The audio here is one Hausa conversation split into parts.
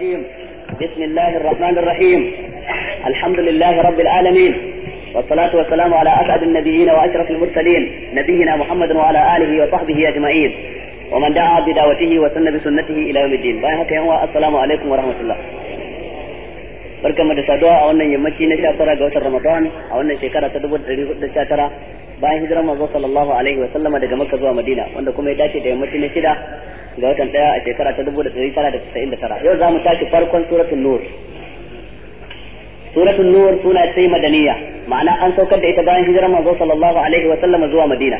الرجيم بسم الله الرحمن الرحيم الحمد لله رب العالمين والصلاة والسلام على أسعد النبيين وأشرف المرسلين نبينا محمد وعلى آله وصحبه أجمعين ومن دعا بدعوته وسن بسنته إلى يوم الدين بايعك يا السلام عليكم ورحمة الله بركة mu da saduwa a wannan yammaci na 19 ga watan Ramadan bayan hijirar manzo sallallahu alaihi wa sallama daga Makka zuwa Madina wanda kuma ya dace da yammaci yammacin shida ga watan daya a shekara ta dubu da da da tara yau za mu tashi farkon suratun nur suratun nur suna sai madaniya ma'ana an saukar da ita bayan hijirar manzo sallallahu alaihi wa sallama zuwa Madina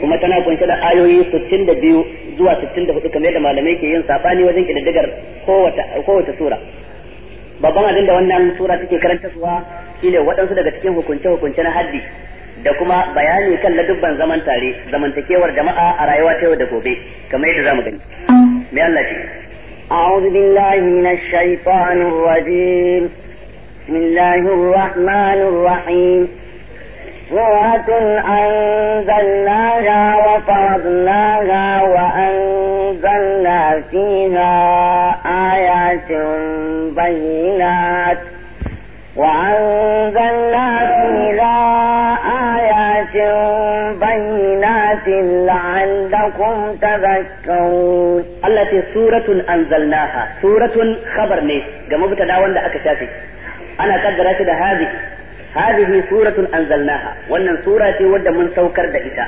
kuma tana kunshe da ayoyi da biyu zuwa da 64 kamar da malamai ke yin sabani wajen kididdigar kowace kowace sura babban abin da wannan sura take karantarwa shine waɗansu daga cikin hukunce-hukunce na haddi da kuma bayani kan ladubban zaman tare zamantakewar jama'a a rayuwa ta yau da gobe kamar yadda zamu gani mai Allah ce a'udhu billahi minash shaitanir rajim bismillahir rahmanir rahim suratun anzalnaha wa faradnaha wa anzalna fiha ayatin bayyinatin وأنزلنا فيها آيات بينات لعلكم تذكرون التي سورة أنزلناها سورة خبر نيس جمع بتداون دا أكشافي أنا قدرت أشد هذه هذه سورة أنزلناها وأن سورة ود من سوكر دائتا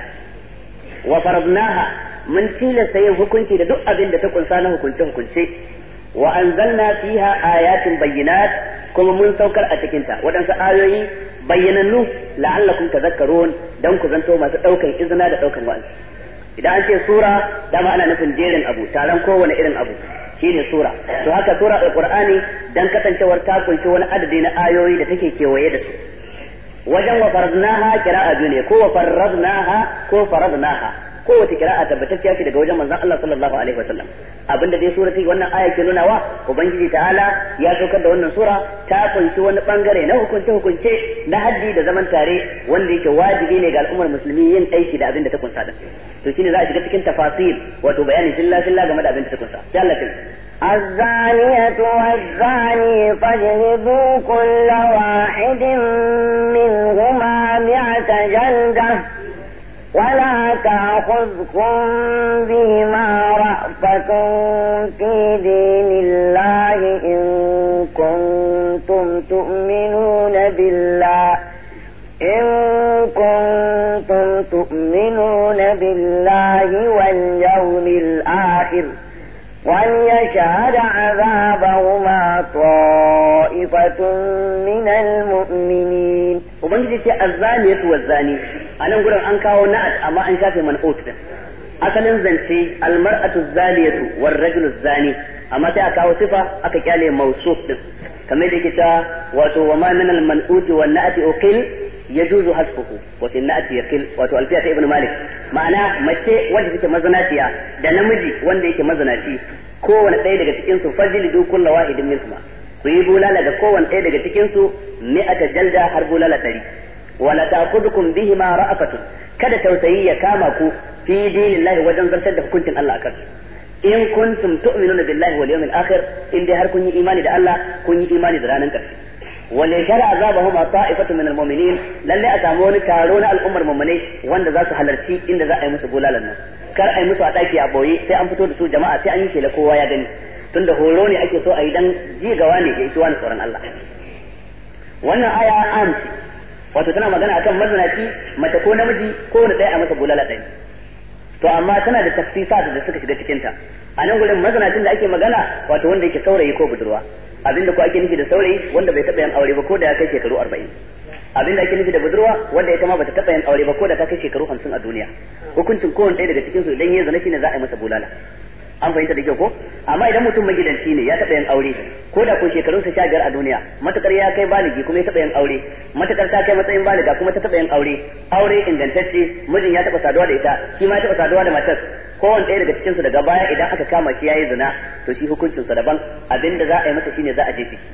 وفرضناها من تيل سيهو كنتي دا دؤ أبين دا تكون سانه كنتي wa anzalna fiha ayatin bayyinat kuma mun saukar a cikinta waɗansu ayoyi bayyanannu la'allakum tadhakkarun dan ku zanto masu daukan izina da daukan wa'azi idan an ce sura dama ana nufin jerin abu taron kowane irin abu shine sura to haka sura alqur'ani dan kasancewar ta kunshi wani adadi na ayoyi da take kewaye da su wajen wa faradnaha qira'a biyu ne ko wa faradnaha ko faradnaha kowace kira'a tabbatacciya ce daga wajen manzon Allah sallallahu alaihi wasallam abinda dai sura wannan aya ke nuna wa ubangiji ta'ala ya saukar da wannan sura ta kunshi wani bangare na hukunce hukunce na haddi da zaman tare wanda yake wajibi ne ga al'ummar musulmi yin aiki da abin da ta kunsa din to shine za a shiga cikin tafasil wato bayanin filla filla game da abin da ta kunsa sai Allah الزانية والزاني فاجلدوا كل واحد منهما مئة جلدة ولا تأخذكم بهما رأفة في دين الله إن كنتم تؤمنون بالله إن كنتم تؤمنون بالله واليوم الآخر وليشهد عذابهما طائفة من المؤمنين ubangiji ce azzaniyatu wazzani a nan gurin an kawo na'at amma an shafe man'ut din asalin zance almar'atu zaliyatu war rajulu zani amma sai a kawo sifa aka kyale mawsuf din kamar da yake cewa wato wa ma min manuti na'ati uqil yajuzu hasbuhu wa fi na'ati yaqil wato alfiya ta ibn malik ma'ana mace wanda take mazanaciya da namiji wanda yake mazanaci kowane ɗaya daga cikin su fajlidu kullu wahidin minhuma ku yi bulala da kowane ɗaya daga cikin su mi'ata jalda har bulala ɗari wala bihi ma ra'akatu kada tausayi ya kama ku fi dinillahi wajen zartar da hukuncin Allah akan in kuntum tu'minuna billahi wal yawmil akhir in dai har kun yi imani da Allah kun yi imani da ranar ƙarshe wal yashara azabahum ta'ifatu min muminin lalle a samu wani taro na al'ummar mu'minai wanda za su halarci inda za a yi musu bulalan nan kar a yi musu a ɗaki a boye sai an fito da su jama'a sai an yi shela kowa ya gani tunda horo ne ake so a yi dan ji ne wani ga wani tsoron Allah wannan aya an ce wato tana magana akan mazanaci mace ko namiji ko wani ɗaya a masa bulala ɗaya to amma tana da tafsisa da suka shiga cikin ta a nan gurin mazanacin da ake magana wato wanda yake saurayi ko budurwa abinda ko ake nufi da saurayi wanda bai taɓa yin aure ba ko da ya kai shekaru arba'in abin da ake nufi da budurwa wanda ita ma bata taba yin aure ba ko da ta kai shekaru hamsin a duniya hukuncin kowanne ɗaya daga cikin su idan ya zana shine za a yi masa bulala an fahimta da kyau ko amma idan mutum magidanci ne ya taɓa yin aure ko da ko shekarun sa sha a duniya matukar ya kai baligi kuma ya taɓa yin aure matukar ta kai matsayin baliga kuma ta taɓa yin aure aure ingantacce mijin ya taɓa saduwa da ita shi ma ya taɓa saduwa da matar kowane ɗaya daga cikinsu daga baya idan aka kama shi ya yi zina to shi hukuncinsa daban abinda za a yi mata shine za a jefe shi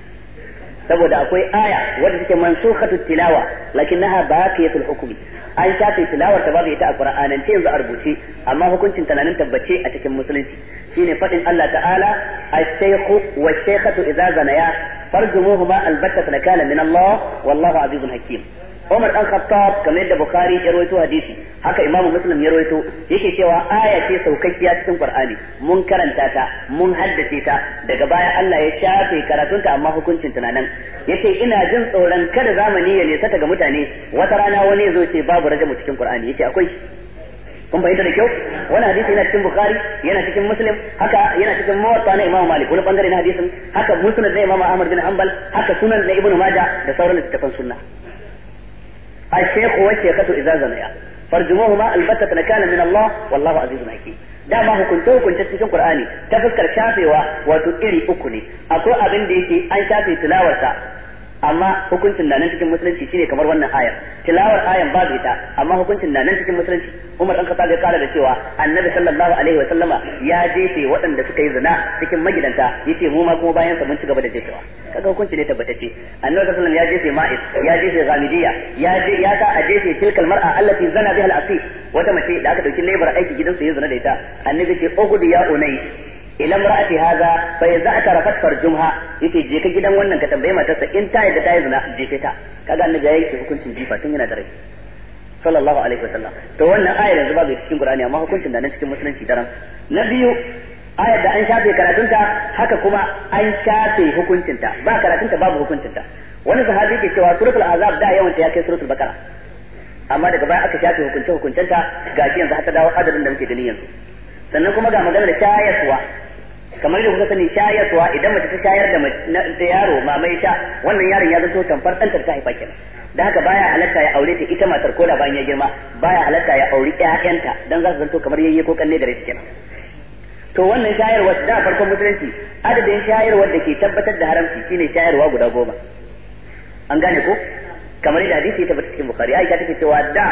saboda akwai aya wadda take mansukhatut tilawa lakinnaha baqiyatul hukmi an shafe tilawar ta babu ita a qur'anance yanzu a rubuce amma hukuncin tana nan tabbace a cikin musulunci shine fadin Allah ta'ala ash-shaykhu wash-shaykhatu idza zanaya farjumuhuma albatta nakala min Allah wallahu azizun hakim Umar dan Khattab kamar yadda Bukhari ya rawaito hadisi haka Imam Muslim ya rawaito yake cewa aya ce saukakkiya cikin Qur'ani mun karanta ta mun haddace ta daga baya Allah ya shafe karatunta amma hukuncin tunanin yace ina jin tsoron kada zamani ya nesa ga mutane wata rana wani zo ce babu mu cikin Qur'ani yace akwai kun bai da kyau wani hadisi yana cikin bukhari yana cikin muslim haka yana cikin muwatta na Imam malik wani bangare na hadisin haka musnad na Imam ahmad bin hanbal haka sunan na ibn majah da sauran littattafan sunna الشيخ والشيخة إذا زنيا فارجموهما البتة نكالا من الله والله عزيز حكيم dama hukunce hukunce cikin Qur'ani ta fuskar shafewa wato iri uku ne akwai abin da yake an shafe tilawarsa amma hukuncin na nan cikin musulunci shine kamar wannan ayar tilawar ayar ba ita amma hukuncin na nan cikin musulunci Umar dan Khattab ya kara da cewa Annabi sallallahu alaihi wa sallama ya jefe waɗanda suka yi zina cikin magidanta yace mu ma kuma bayan sa mun ci gaba da jefewa kaga hukunci ne tabbatacce Annabi sallallahu alaihi ya jefe Ma'is ya jefe Ghamidiyya ya je ya ta a jefe tilkal mar'a allati zana biha al-asif wata mace da aka dauki lebar aiki gidansu ya zina da ita Annabi ce ughdi ya unai ila mar'ati hadha fa idza atarafat farjumha yake je ka gidan wannan ka tambaye matarsa in ta yadda ta yi zina jefe ta kaga annabi ya yake hukuncin jifa tun yana da rai sallallahu alaihi wasallam to wannan ayar yanzu babu cikin Qur'ani amma hukuncin da nan cikin musulunci daran na biyu ayar da an shafe karatunta haka kuma an shafe hukuncinta ba karatunta babu hukuncinta wani sahabi ke cewa suratul azab da yawan ta ya kai suratul bakara amma daga baya aka shafe hukunce hukuncenta ga yanzu har ta dawo adadin da muke gani yanzu sannan kuma ga maganar shayarwa kamar yadda kuka sani shayarwa idan mace ta shayar da da yaro mai sha wannan yaron ya zanto tamfar ɗantar ta haifa kenan da haka baya halatta ya aure ta ita matar koda bayan ya girma baya halatta ya aure ƴaƴanta dan za su zanto kamar yayye ko kanne gare shi kenan to wannan shayarwa da farkon musulunci adadin shayarwa da ke tabbatar da haramci shine shayarwa guda goma an gane ko kamar da hadisi ya tabbata cikin bukhari aisha take cewa da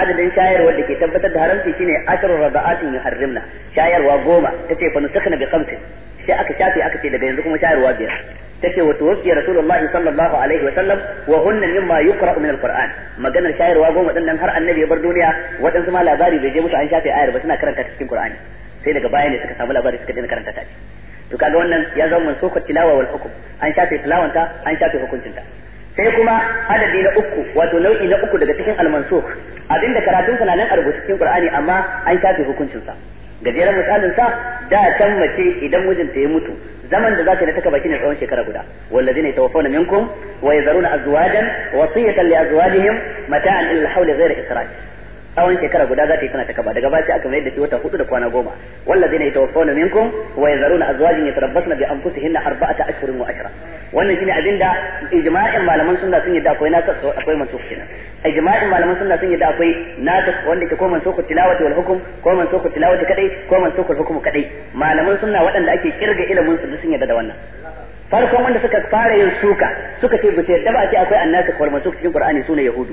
adadin shayarwa da ke tabbatar da haramci shine asharu rada'atin yuharrimna shayarwa goma tace fa nusakhna bi khamsin sai aka shafe aka ce daga yanzu kuma shayarwa biyar tace wa tuwfi rasulullahi sallallahu alaihi wa sallam wa hunna mimma yuqra'u min alquran maganar shayarwa goma din nan har annabi ya bar duniya wadansu ma labari bai je musu an shafe ayar ba suna karanta ta cikin qur'ani sai daga baya ne suka samu labari suka daina karanta ta to kaga wannan ya zama mansukhat tilawa wal hukm an shafe tilawanta an shafe hukuncinta sai kuma adadi na uku wato nau'i na uku daga cikin almansukh abinda karatunsa na nan a rubuce cikin qur'ani amma an shafe hukuncinsa gajeren misalin sa da can mace idan mijinta ya mutu zaman da za ta taka baki ne tsawon shekara guda wallazina yatawaffawna minkum wa yazaruna azwajan wasiyatan li azwajihim mata'an ila al-hawli ghayra israj tsawon shekara guda za ta yi tana taka ba daga baya aka mai da shi wata hudu da kwana goma wallazina yatawaffawna minkum wa yazaruna azwajan yatarabbasna bi anfusihinna arba'ata ashhurin wa ashra wannan shine abin da ijma'in malaman sunna sun yadda akwai nakas akwai mansukh kenan ijma'in malaman sunna sun yadda akwai nakas wanda ke ko mansukh tilawati wal hukm ko mansukh tilawati kadai ko mansukh al hukm kadai malaman sunna waɗanda ake kirga ilimin su sun yadda da wannan farkon wanda suka fara yin suka suka ce ba su ba a ce akwai annasikh wal mansukh cikin qur'ani sune yahudu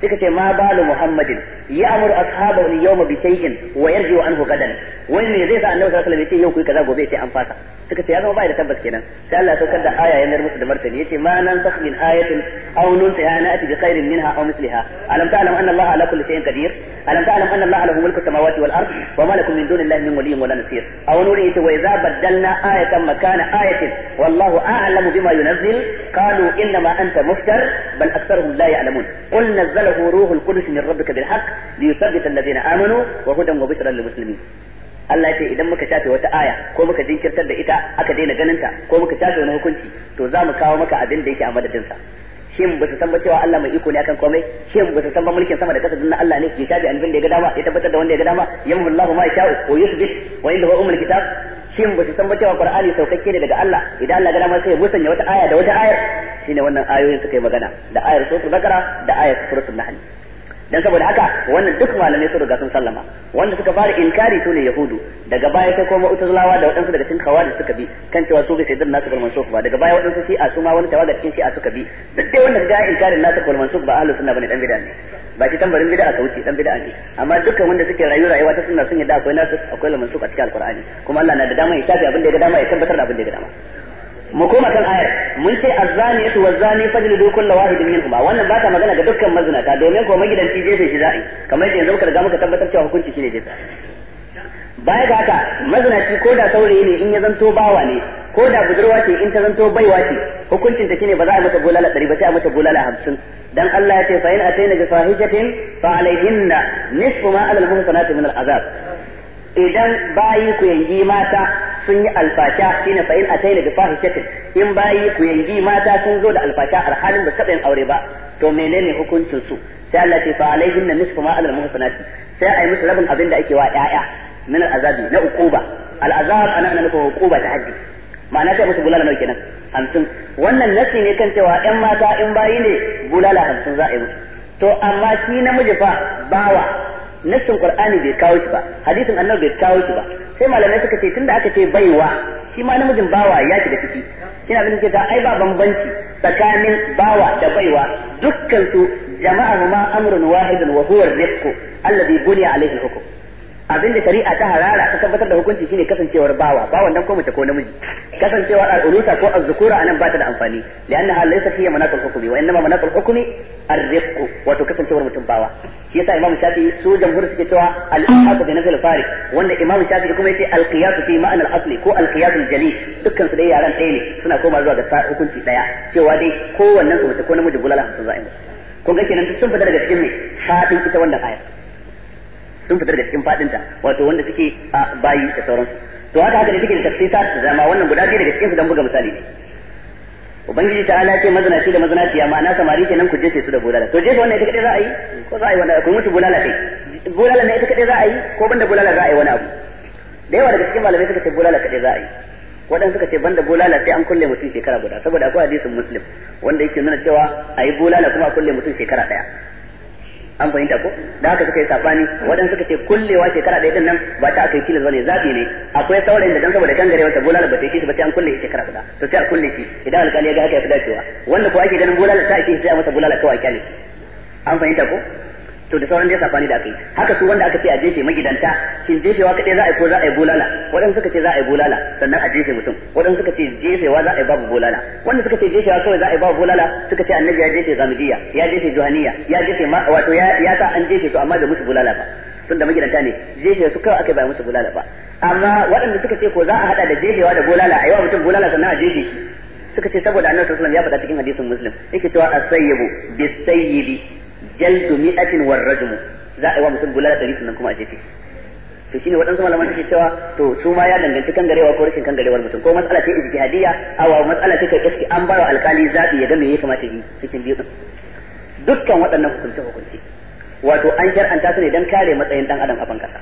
suka ce ma balu muhammadin ya amuru in al yawma bi shay'in wa yarji'u anhu gadan wani ne zai sa annabi sallallahu alaihi wasallam ya ce yau kuyi kaza gobe ya ce an fasa suka ce ya zama bai da tabbas kenan sai Allah ya saukar da aya yanar musu da martani yace ma nan sakh min ayatin aw nuntaha na'ti bi khairin minha aw misliha alam ta'lam anna Allah ala kulli shay'in qadir alam ta'lam anna allaha lahu mulku samawati wal ard wa ma lakum min dunillahi min waliyyin wala nasir aw nuri yace wa idza badalna ayatan makana ayatin wallahu a'lamu bima yunazzil qalu inna ma anta muftar bal aktharuhum la ya'lamun qul nazzalahu ruhul qudus min rabbika bil haqq liyuthabbita alladhina amanu wa hudan wa bushra lil muslimin Allah ce idan muka shafe wata aya ko muka jinkirtar da ita aka daina ganinta ko muka shafe wani hukunci to za mu kawo maka abin da yake a madadinsa shin ba su san ba cewa Allah mai iko ne akan komai shin ba su san ba mulkin sama da kasa dinna Allah ne ya shafi albin da ya ga dama ya tabbatar da wanda ya ga dama yamhu Allahu ma yasha wa yuthbit wa indahu ummul kitab shin ba su san ba cewa Qur'ani saukakke ne daga Allah idan Allah ga dama sai ya musanya wata aya da wata ayar shine wannan ayoyin suka yi magana da ayar suratul bakara da ayar suratul Nahl dan saboda haka wannan duk malamai sun riga sun sallama wanda suka fara inkari su ne yahudu daga baya sai kuma utazlawa da waɗansu daga cikin khawarij suka bi kan cewa su bai sai dan nasu mansukh ba daga baya waɗansu shi'a su ma wani tawaga cikin shi'a suka bi duk dai wanda ga inkarin nasu mansukh ba ahlus sunna bane dan bid'a ne ba shi tambarin bid'a ka wuce dan bid'a ne amma dukkan wanda suke rayu rayuwa ta sunna sun yadda akwai nasu akwai mansukh a cikin alqur'ani kuma Allah na da dama ya shafi abin da ya ga dama ya tabbatar da abin da ya ga dama mu koma kan ayar mun ce azzani yatu wazzani fajlidu kullu wahidin minhuma wannan ba ta magana ga dukkan mazinata domin ko magidanci jefe shi za'i kamar yadda yanzu muka riga muka tabbatar cewa hukunci shine jefe baya ga haka mazinaci ko da saurayi ne in ya zanto bawa ne ko da budurwa ce in ta zanto baiwa ce hukuncin ta shine ba za a mata bulala 100 ba sai a mata bulala 50 dan Allah ya ce fa in ataina bi fahishatin fa alayhinna nisfu ma alal muhsanati min al azab idan bayi ku yangi mata sun yi alfasha shine fa in ataina bi fahishatin in bayi ku yangi mata sun zo da alfasha har halin ba taɓa yin aure ba to menene hukuncin su sai Allah ce fa alaihim na nisfu ma alal muhsanati sai yi musu rabin abin da ake wa ƴaƴa min azabi na ukuba al azab ana ana nufin ukuba ta haddi ma'ana sai musu bulala nawa kenan hamsin wannan nasi ne kan cewa ƴan mata in bayi ne bulala hamsin za a yi musu to amma shi namiji fa bawa nassin qur'ani bai kawo shi ba hadisin annabi bai kawo shi ba sai malamai suka ce tunda aka ce baiwa shi ma namijin bawa ya shiga ciki kina ganin da ta ai ba bambanci tsakanin bawa da baiwa dukkan su jama'ahuma amrun wahidun wa huwa rizqu alladhi buniya alayhi hukm abin da shari'a ta harara ta tabbatar da hukunci shine kasancewar bawa ba wannan ko mace ko namiji kasancewar al-ulusa ko az anan ba ta da amfani li'anna hal laysa fihi manaqul hukmi wa innama manaqul hukmi arriqu wato kasancewar mutum bawa shi yasa imamu shafi su jamhur suke cewa al-ihaq bi nazil farid wanda imamu shafi kuma yace al-qiyas fi ma'an al-asli ko al-qiyas al-jali dukkan su dai yaran ɗaya ne suna koma zuwa ga hukunci daya cewa dai kowannen su mutum ko namiji bulala hamsin za'i kun ga kenan sun fita daga cikin ne fadin ita wanda ayar sun fita daga cikin fadinta wato wanda suke bayi da sauransu to haka haka ne take da tafsisa zama wannan guda biyu daga cikin su dan buga misali ne ubangiji ta ala ce mazinaci da amma ma'ana samari kenan ku jefe su da bulala to jefe wannan ita kadai za a yi ko za a yi wanda ku musu bulala kai bulala ne ita kadai za a yi ko banda bulala za a yi wani abu da yawa daga cikin malamai suka ce bulala kadai za a yi waɗansu suka ce banda bulala sai an kulle mutum shekara guda saboda akwai hadisin muslim wanda yake nuna cewa a yi bulala kuma a kulle mutum shekara ɗaya an fahimta ko da haka suka yi sabani wadan suka ce kullewa shekara ɗaya din nan ba ta aka yi tilas bane zabi ne akwai saurayin da dan saboda kan gare wata bolala ba ta yi shi ba ta an kulle shekara guda to sai a kulle shi idan alƙali ya ga haka ya fi dacewa wanda ko ake ganin bolala ta ake sai a masa bolala kawai kyale an fahimta ko to da sauran dai sabani da yi haka su wanda aka ce a jefe magidanta shin jefewa kadai za a yi ko za a yi bulala wadanda suka ce za a yi bulala sannan a jefe mutum wadanda suka ce jefewa za a yi babu bulala wanda suka ce jefewa kawai za a yi babu bulala suka ce annabi ya jefe zamudiya ya jefe juhaniya ya jefe ma wato ya sa an jefe su amma da musu bulala ba da magidanta ne jefe su kawai aka ba musu bulala ba amma waɗanda suka ce ko za a hada da jefewa da bulala a yi wa mutum bulala sannan a jefe shi suka ce saboda annabi sallallahu alaihi wasallam ya faɗa cikin hadisin muslim yake cewa as-sayyibu bis-sayyibi جلد مئة والرجم rajmu za a yi wa mutum bulala ɗari sannan kuma a jefe shi to shine waɗansu malaman suke cewa to su ma ya danganci garewa ko rashin kangarewar mutum ko matsala ce ijtihadiyya awa matsala ce kai iski an bawa alkali zabi ya ga me ya kamata yi cikin biyu dukkan waɗannan hukunce hukunce wato an shar'anta su ne dan kare matsayin dan adam a ban kasa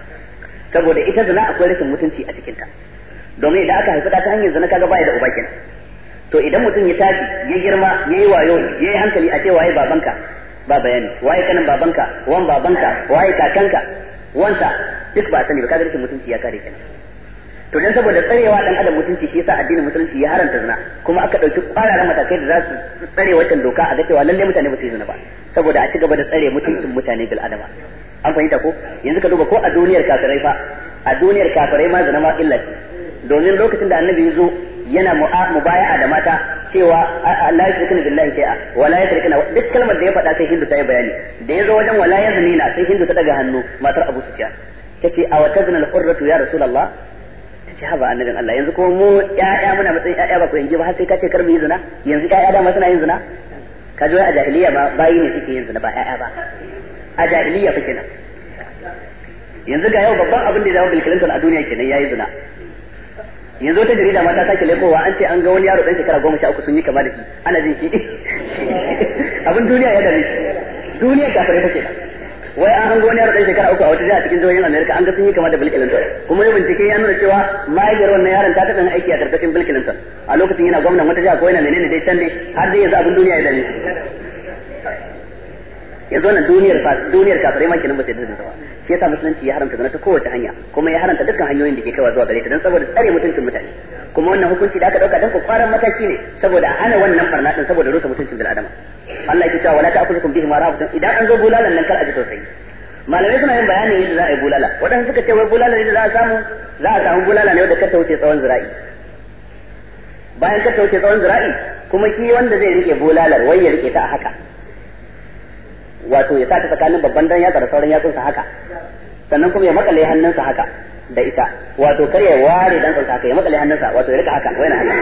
saboda ita zina akwai rashin mutunci a cikin ta domin idan aka haifi ta hanyar zina kaga baya da uba to idan mutum ya tafi ya girma yayi wayo yayi hankali a cewa waye babanka ba bayani waye kanin babanka wan babanka waye kakanka wanta duk ba sani ba kaga rashin mutunci ya kare kenan to dan saboda tsarewa dan adam mutunci shi yasa addinin musulunci ya haranta zina kuma aka dauki kwararan matakai da za su tsare wannan doka a ga cewa lalle mutane ba su yi zina ba saboda a ci gaba da tsare mutuncin mutane bil adama an fahimta ko yanzu ka duba ko a duniyar kafirai fa a duniyar kafirai ma zina ma illa ce domin lokacin da annabi ya zo yana mubaya'a da mata cewa la yushrikuna billahi shay'a wala la yushrikuna duk kalmar da ya faɗa sai Hindu ta yi bayani da ya zo wajen wala yaznina sai Hindu ta daga hannu matar Abu Sufyan tace a wata al-hurratu ya rasulullah tace haba annabin Allah yanzu kuma mu ƴaƴa muna matsayin ƴaƴa ba ku yanke ba har sai ka ce kar mu yi zina yanzu ƴaƴa dama suna yin zina ka ji a jahiliya ba bayi ne suke yin zina ba ƴaƴa ba a jahiliya fa kenan yanzu ga yau babban abin da ya zama Bill a duniya kenan yayi zina yanzu ta jarida mata take lekowa an ce an ga wani yaro dan shekara goma sha uku sun yi kama da shi ana jin shi abin duniya ya dare duniya fara take wai an hango wani yaro dan shekara uku a wata jiha cikin jihohin America an ga sun yi kama da Bill Clinton kuma yau bincike ya nuna cewa mahaifiyar wannan yaron ta taɓa aiki a karkashin Bill Clinton a lokacin yana gwamnan wata jiha ko yana menene dai can ne har dai yanzu abin duniya ya dare yanzu wannan duniyar fa duniyar kafirai ma kenan ba sai da ba shi yasa musulunci ya haramta zanata ta kowace hanya kuma ya haramta dukkan hanyoyin da ke kawo zuwa gare ta dan saboda tsare mutuncin mutane kuma wannan hukunci da aka dauka dan kwaran mataki ne saboda ana wannan farna din saboda rusa mutuncin bil adama Allah ya cewa wala ta'kulukum bihi ma idan an zo bulalan nan kar a ji tausayi malamai suna yin bayani yadda za a yi bulala wadanda suka ce wai bulalan ne da za a samu za a samu bulala ne wanda kar ta wuce tsawon zira'i bayan kar ta wuce tsawon zira'i kuma shi wanda zai rike bulalar wai ya rike ta a haka wato ya sa ta tsakanin babban dan yatsa da sauran yatsunsa haka sannan kuma ya makale hannunsa haka da ita wato kar ya ware dan kansa ya makale hannunsa wato ya rika haka wai na haka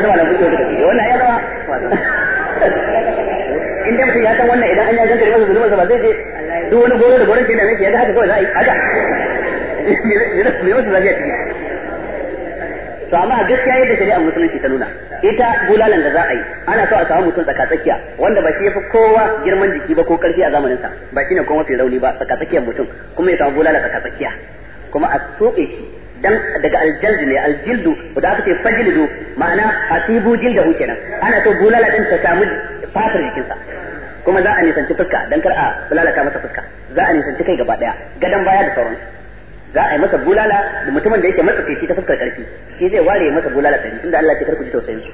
to a wannan zama da kuke da kake wannan ya zama in dai mutum ya san wannan idan an ya ganta masa zulumansa ba zai je duk wani goro da goron ke da nake ya ga haka kawai za a yi haka me masa zafi a ciki to amma gaskiya yadda shari'ar musulunci ta nuna ita bulalan da za a yi ana so a samu mutum tsakatsakiya wanda ba shi yafi kowa girman jiki ba ko karfi a zamanin sa ba shine kuma mafi rauni ba tsakatsakiyar mutum kuma ya samu bulala tsakatsakiya kuma a soke shi dan daga aljaldu ne aljildu da aka ce fajildu ma'ana asibu jildahu kenan ana so bulala din ta samu fatar jikinsa kuma za a nisanci fuska dan kar a ta masa fuska za a nisanci kai gaba daya gadan baya da sauransu za a yi masa bulala da mutumin da yake matsakaici ta fuskar karfi shi zai ware masa bulala ɗari tunda Allah ya karku ji tausayin su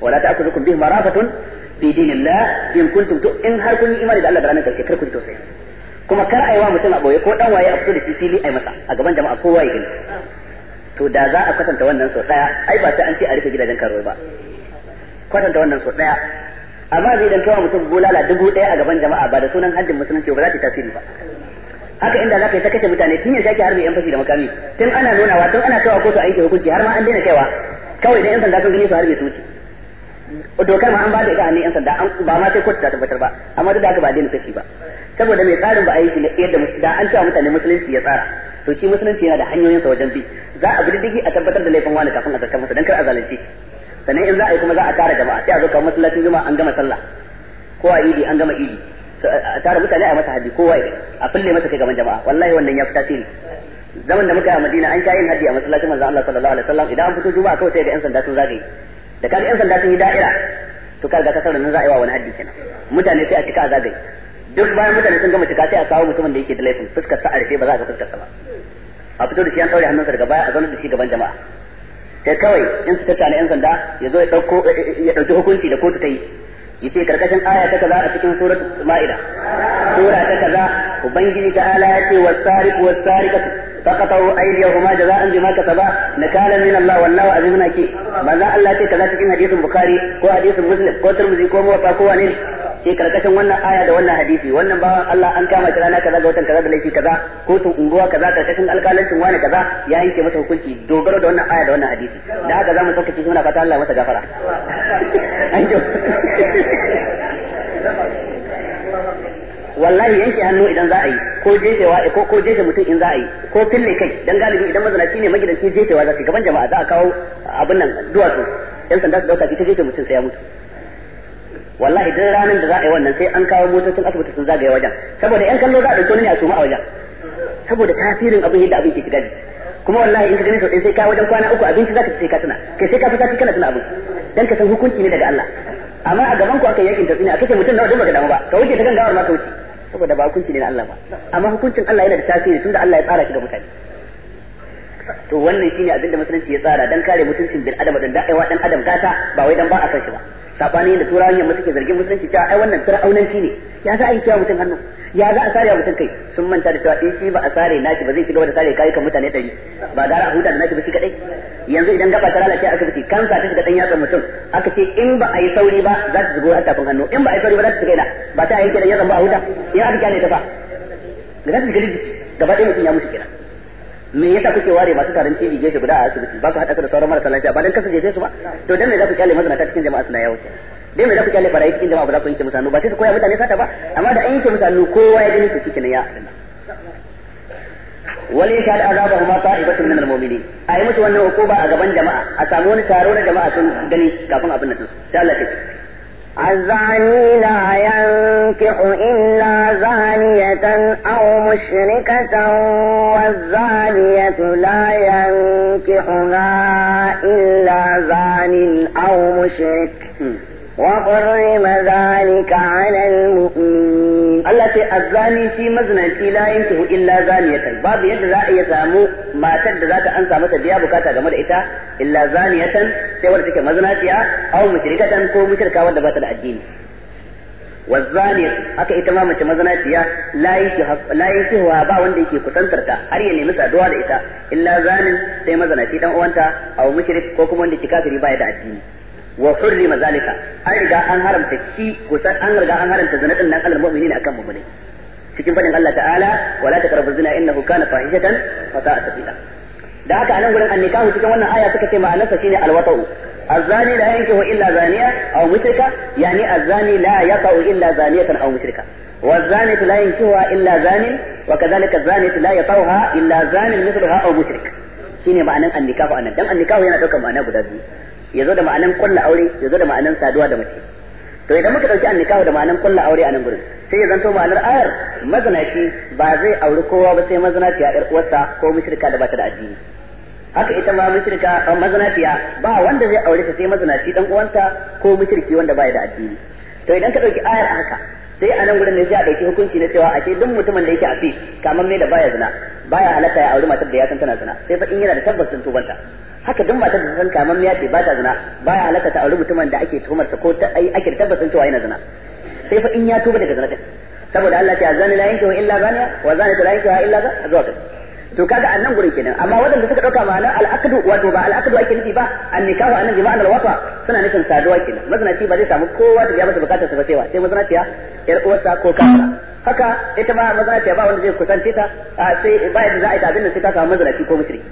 wala ta'khudhukum bihim marafatun fi dinillah in kuntum tu in har kun yi imani da Allah da ranar karshe karku ji tausayin su kuma kar a yi wa mutum a boye ko dan waye a fito da shi fili a yi masa a gaban jama'a kowa ya gani to da za a kwatanta wannan sau daya ai ba ta an ce a rufe gidajen karo ba kwatanta wannan sau daya amma zai dan kawo mutum bulala dubu daya a gaban jama'a ba da sunan haddin musulunci ba za ta tasiri ba haka inda zaka yi ta kace mutane tun ya ake harbe yan fashi da makami tun ana wa tun ana kaiwa kotu a yanke hukunci har ma an daina kaiwa kawai dan yan sanda sun gani su harbe su wuce dokar ma an ba da ita ne yan sanda ba ma sai kotu ta tabbatar ba amma duk da haka ba daina kashi ba saboda mai tsarin ba a yi shi yadda da an cewa mutane musulunci ya tsara to shi musulunci yana da hanyoyin sa wajen bi za a bi diddigi a tabbatar da laifin wani kafin a zartar masa dan kar a zalunce shi sannan in za a yi kuma za a tara jama'a sai a zo kawo masallacin juma'a an gama sallah ko a idi an gama idi a tara mutane a masa haji kowa ya a fille masa kai gaban jama'a wallahi wannan ya fi tasiri zaman da muka yi a Madina an sha yin haji a masallacin manzon Allah sallallahu alaihi wasallam idan an fito juma'a kawai sai ga yan sanda sun zagaye da kaga yan sanda sun yi da'ira to kaga ka nan za a yi wa wani haji kenan mutane sai a cika a zagaye duk bayan mutane sun gama cika sai a kawo mutumin da yake da laifin fuskar sa a rufe ba za a ga fuskar sa ba a fito da shi an daure hannunsa daga baya a zauna da shi gaban jama'a sai kawai in su tattauna yan sanda ya zo ya dauko ya dauki hukunci da kotu ta yi yace karkashin aya ta kaza a cikin surat ma'ida sura ta kaza ubangiji ta ala yace wa sariqu was فقطعوا أيديهما جزاء بما كسبا نكالا من الله والله عزيز حكيم ماذا الله تي كذا cikin hadisin bukhari ko hadisin muslim ko tirmidhi ko muwatta ko wani ke karkashin wannan aya da wannan hadisi wannan bawan Allah an kama shi rana kaza ga watan kaza da laifi kaza kotun unguwa kaza karkashin alƙalancin wani kaza ya yanke masa hukunci dogara da wannan aya da wannan hadisi da haka zamu saukace shi muna fata Allah masa gafara an wallahi yanke hannu idan za a yi ko jefewa ko ko jefe mutum in za a yi ko fille kai dan galibi idan mazalaci ne magidanci jefewa za su gaban jama'a za a kawo abin nan duwatsu yan sanda su dauka ta jefe mutum sai ya mutu wallahi duk ranar da za a yi wannan sai an kawo motocin asibiti sun zagaye wajen saboda yan kallo za a dauki ne a suma a wajen saboda tasirin abin yadda abin ke shiga kuma wallahi in ka gani sau sai ka wajen kwana uku abinci za ka sai ka tuna kai sai ka fi sati kana tuna abin dan ka san hukunci ne daga Allah amma a gaban ku aka yakin tafi ne a kace mutum nawa dan baka damu ba ka wuce ta gangawar ma ka wuce saboda ba hukunci ne na Allah ba amma hukuncin Allah yana da tasiri tunda Allah ya tsara shi ga mutane to wannan shine abin da musulunci ya tsara dan kare mutuncin bil adam dan da'iwa dan adam gata ba wai dan ba a san shi ba sabani da turawan yamma suke zargin musulunci cewa ai wannan fir'aunanci ne ya sa ai kiyawa mutum hannu ya za a sare mutum kai sun manta da cewa in shi ba a sare nashi ba zai ci gaba da sare kai kan mutane ɗari ba da a huta da nashi ba shi kadai yanzu idan gaba ta lalace asibiti kansa ta shiga dan yatsan mutum aka ce in ba a yi sauri ba za ta zubo a tafin hannu in ba a yi sauri ba za ta shiga ina ba ta yanke ɗan yatsan ba a huta in aka kyale ta ba da za ta shiga jiki gaba ɗaya mutum ya mutu kenan me yasa kuke ware masu taron TV gefe guda a asibiti ba ku haɗa su da sauran marasa lafiya ba dan kasance su ba to dan me za ku kyale mazana ta cikin jama'a suna yawo kenan dai mai za ku kyale barayi cikin jama'a ba za ku yanke musu ba sai su koya mutane sata ba amma da an yanke musu kowa ya gani to shikenan ya wali kuma ta ibata min al a yi musu wannan hukuma a gaban jama'a a samu wani taro na jama'a sun gani kafin abin nan su sai Allah take الزاني لا ينكح إلا زانية أو مشركة والزانية لا ينكحها إلا زان أو مشرك وحرم ذلك على المؤمنين الله تي الزاني شي مزنانci la yankihu illa zaniyatan babu yadda za a iya samu matar da za ta ansa mata biya bukata game da ita illa zani ya zaniyatan sai wanda take mazinaciya aw mushrikatan ko mushrika wanda ba ta da addini والزانية haka ita ma mace mazanaciya la yankihuwa ba wanda yake kusantar ta har ya nemi saduwa da ita illa zanin sai mazanaci dan uwanta a aw mushrik ko kuma wanda ke kafiri ba ya da addini وحرم ذلك zalika an riga an haramta shi kusan an riga an haramta zina din nan alal mu'minina akan mu'mini cikin fadin Allah ta'ala wala taqrabu zina innahu kana fahishatan wa sa'a sabila da haka anan gurin annikahu cikin wannan aya suka ce ma'anarsa shine alwatu azani la alwata'u الزاني لا ينكح إلا زانية أو مشركة يعني الزاني لا يقع إلا زانية أو مشركة والزانية لا ينكحها إلا زان وكذلك الزانية لا illa إلا زان aw أو shine شيني annikahu النكاح dan annikahu yana daukar ma'ana guda biyu ya zo da ma'anan kulla aure ya zo da ma'anan saduwa da mace to idan muka dauki nikahu da ma'anan kulla aure a nan gurin sai ya zanto ma'anar ayar mazinaci ba zai auri kowa ba sai mazinaciya yar uwarsa ko mushrika da bata da addini haka ita ma mushrika mazinaciya ba wanda zai aure ta sai mazinaci dan uwanta ko mushriki wanda baya da addini to idan ka dauki ayar haka sai a nan gurin ne sai a dauki hukunci na cewa ashe duk mutumin da yake a fi kamar mai da baya zina baya halatta ya auri matar da ya san tana zina sai fa in yana da tabbas tubanta haka duk matar da san kaman miya ce ba ta zina ba ya halaka ta auri mutumin da ake tuhumar sa ko ake tabbatar cewa yana zina sai fa in ya tuba daga zina saboda Allah ya zani la yankahu illa zaniya wa zanatu la yankahu illa za zuwa kai to kaga annan gurin kenan amma wadanda suka dauka ma'ana al'aqdu wato ba al'aqdu ake nufi ba annikahu annan bi ma'anar wafa suna nufin saduwa kenan ci ba zai samu kowa da ya masa bukatar sa ba cewa sai ciya yar uwarsa ko kafa haka ita ma ciya ba wanda zai kusance ta sai ba yadda za a yi ta da sai ta samu ci ko mushriki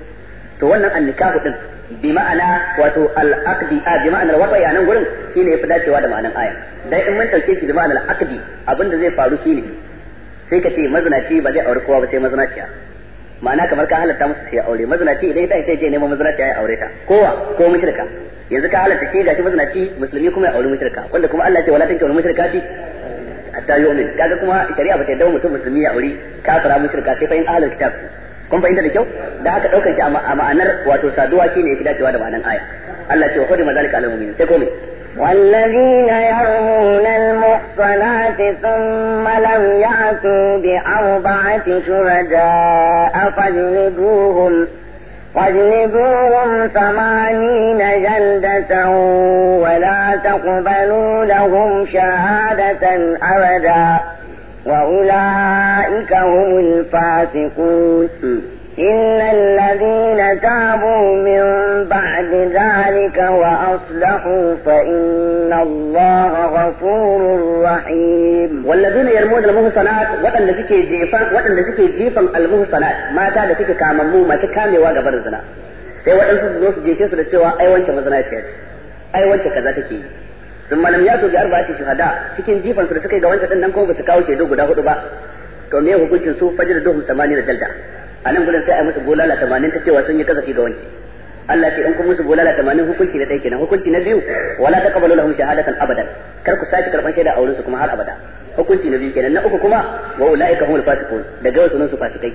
to wannan annikahu din bi ma'ana wato al-aqdi a bi ma'anar wata ya nan gurin shine yafi dacewa da ma'anar aya dan in mun dauke shi bi ma'anar aqdi abinda zai faru shine sai ka ce mazinaci ba zai aure kowa ba sai mazinaciya ma'ana kamar ka halatta musu sai aure mazinaci idan ita sai je neman mazinaciya ya aure ta kowa ko mushrika yanzu ka halatta shi gashi mazinaci musulmi kuma ya aure mushrika wanda kuma Allah ya ce wala tankihu mushrikati hatta yu'min kaga kuma shari'a ba ta yarda mutum musulmi ya aure kafira mushrika sai fa in ahlul kitab kun fahimta da kyau da haka daukar shi a ma'anar wato saduwa shine yafi dacewa da ma'anar aya Allah ce wa hudu mazalika alal mu'minin sai kome والذين يرمون المحصنات ثم لم يأتوا بأربعة شهداء فاجلدوهم واجلدوهم ثمانين جلدة ولا تقبلوا لهم شهادة أبدا وأولئك هم الفاسقون إلا الذين تابوا من بعد ذلك وأصلحوا فإن الله غفور رحيم والذين يرمون المحصنات وأن ذكي جيفا وأن ذكي جيفا المحصنات ما كان ذكي كاممو ما تكامي واقبر الزنا sai waɗansu su zo su jefe su da cewa ai wancan mazana ce ai wancan kaza take yi sun malam ya to bi arba'ati shuhada cikin jifan su da suka yi ga wancan din nan kuma ba su kawo shaidu guda hudu ba to me hukuncin su fajr duhum samani da dalda a nan gudan sai a musu bulala tamanin ta cewa sun yi kasafi ga wanci Allah ce in kun musu bulala tamanin hukunci na ɗaya kenan hukunci na biyu wala taqbalu lahum shahadatan abadan kar ku sake karban shaida a wurin su kuma har abada hukunci na biyu kenan na uku kuma wa ulaika humul fasiqun daga wasu nan su fasikai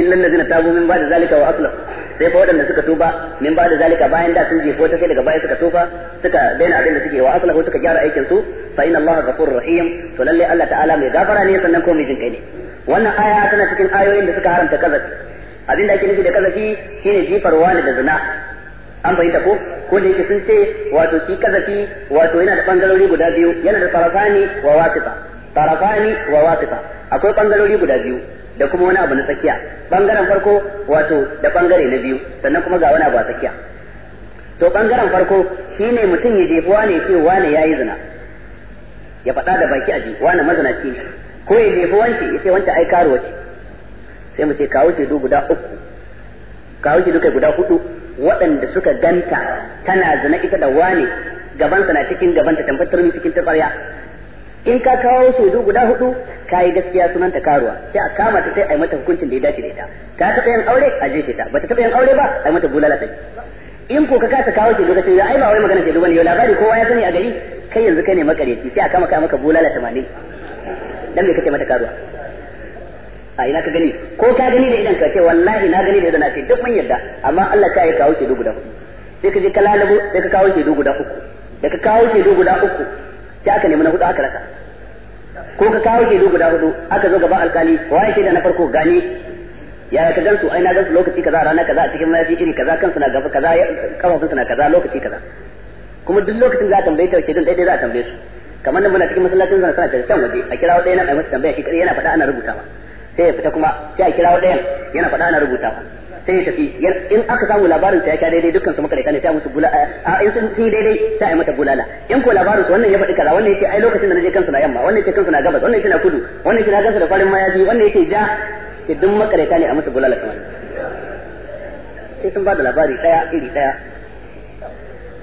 illal ladzina tabu min ba'da zalika wa aslahu sai fa waɗanda suka tuba min ba da zalika bayan da sun jefo ta kai daga baya suka tuba suka daina abin da suke wa aslahu suka gyara aikin su fa inna allaha ghafurur rahim to lalle Allah ta'ala mai gafara ne sannan ko mai jin kai ne wannan aya tana cikin ayoyin da suka haramta kazafi abin da ake nufi da kazafi shine jifar wani da zina an fahimta ko ko da yake sun ce wato shi kazafi wato yana da bangarori guda biyu yana da tarafani wa wasita tarafani wa wasita akwai bangarori guda biyu da kuma wani abu na tsakiya bangaren farko wato da bangare na biyu sannan kuma ga wani abu a tsakiya to bangaren farko shine mutum ya jefi wane ce wane yayi zina ya faɗa da baki a ji wane mazina ne ko ya jefi wance ya ce wance ai karuwa ce sai mu ce kawo shaidu guda uku kawo shi kai guda hudu waɗanda suka ganta tana zina ita da wane gabansa na cikin gabanta tamfatar cikin tsarya in ka kawo shaidu guda hudu ka yi gaskiya sunan ta karuwa sai a kama ta sai a yi mata hukuncin da ya dace da ita ta taɓa yin aure a jefe ta ba ta taɓa yin aure ba a yi mata bulala sai in ko ka kasa kawo shaidu ka ce ya ai ba wai magana shaidu bane yau labari kowa ya sani a gari kai yanzu kai ne makareci sai a kama ka maka bulala tamanin dan me kake mata karuwa a ina ka gani ko ka gani da idan ka ce wallahi na gani da idan na ce duk mun yarda amma Allah ka yi kawo shaidu guda hudu sai ka je ka lalabo sai ka kawo shaidu guda uku da ka kawo shaidu guda uku sai aka nemi na hudu aka rasa ko ka kawo zo guda hudu aka zo gaban alkali yake da na farko gani ya ka gansu ai na gansu lokaci kaza rana kaza a cikin mayafi iri kaza kansu na gaba kaza kafafun na kaza lokaci kaza kuma duk lokacin za a tambaye ta shaidun daidai za a tambaye su kamar nan muna cikin masallacin zan sana ta can waje a kirawo ɗaya na ai masa tambaya shi yana faɗa ana rubuta ma sai ya fita kuma sai a kirawo ɗayan yana faɗa ana rubuta ma sai ya tafi in aka samu labarin ta ya sha daidai dukkan su makareta ne ta musu bulala eh, a in sun yi daidai ta yi mata bulala in ko labarin su wannan ya faɗi kaza wannan yake ai lokacin da naje kansu na yamma wannan yake kansu na gabas wannan yake na kudu wannan yake na gansu da farin mayaji wannan yake ja ke duk makareta ne a musu bulala kamar sai sun ba da labari daya iri daya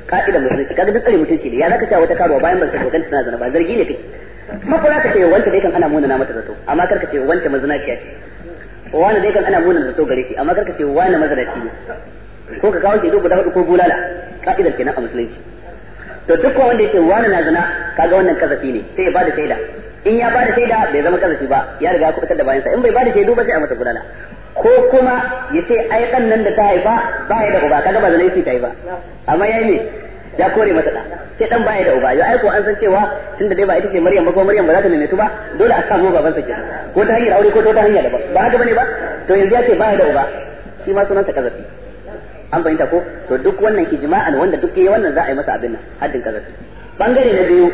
ka'idar musulunci kaga duk tsare mutunci ne ya zaka cewa wata karuwa bayan ban san kokarin tana zana ba zargi ne kake kuma ko zaka ce wanda dai kan ana muna na mata zato amma karka ce wanda mazinaciya ce wani dai kan ana muna da to gare shi amma karka ce wani mazalaci ne ko ka kawo shi guda hudu ko bulala ka'idar kenan a musulunci to duk wanda yake wani na zina kaga wannan kasafi ne sai ya bada shaida in ya bada shaida bai zama kasafi ba ya riga ku fitar da bayansa in bai bada shaidu ba sai a mata bulala ko kuma ya ce ai nan da ta haifa ba ya da uba kaga ba zalai ta haifa amma yayi ne ya kore mata da sai dan baya da uba ya aiko an san cewa tunda dai ba ita ce Maryam ba ko Maryam ba za ta nematu ba dole a samu babansa ke ko ta hanyar aure ko ta hanyar da ba haka bane ba to yanzu ya ce baya da uba shi ma ta kazafi an fahimta ko to duk wannan ijma'an wanda duk yayi wannan za a yi masa abin nan haddin kazafi bangare na biyu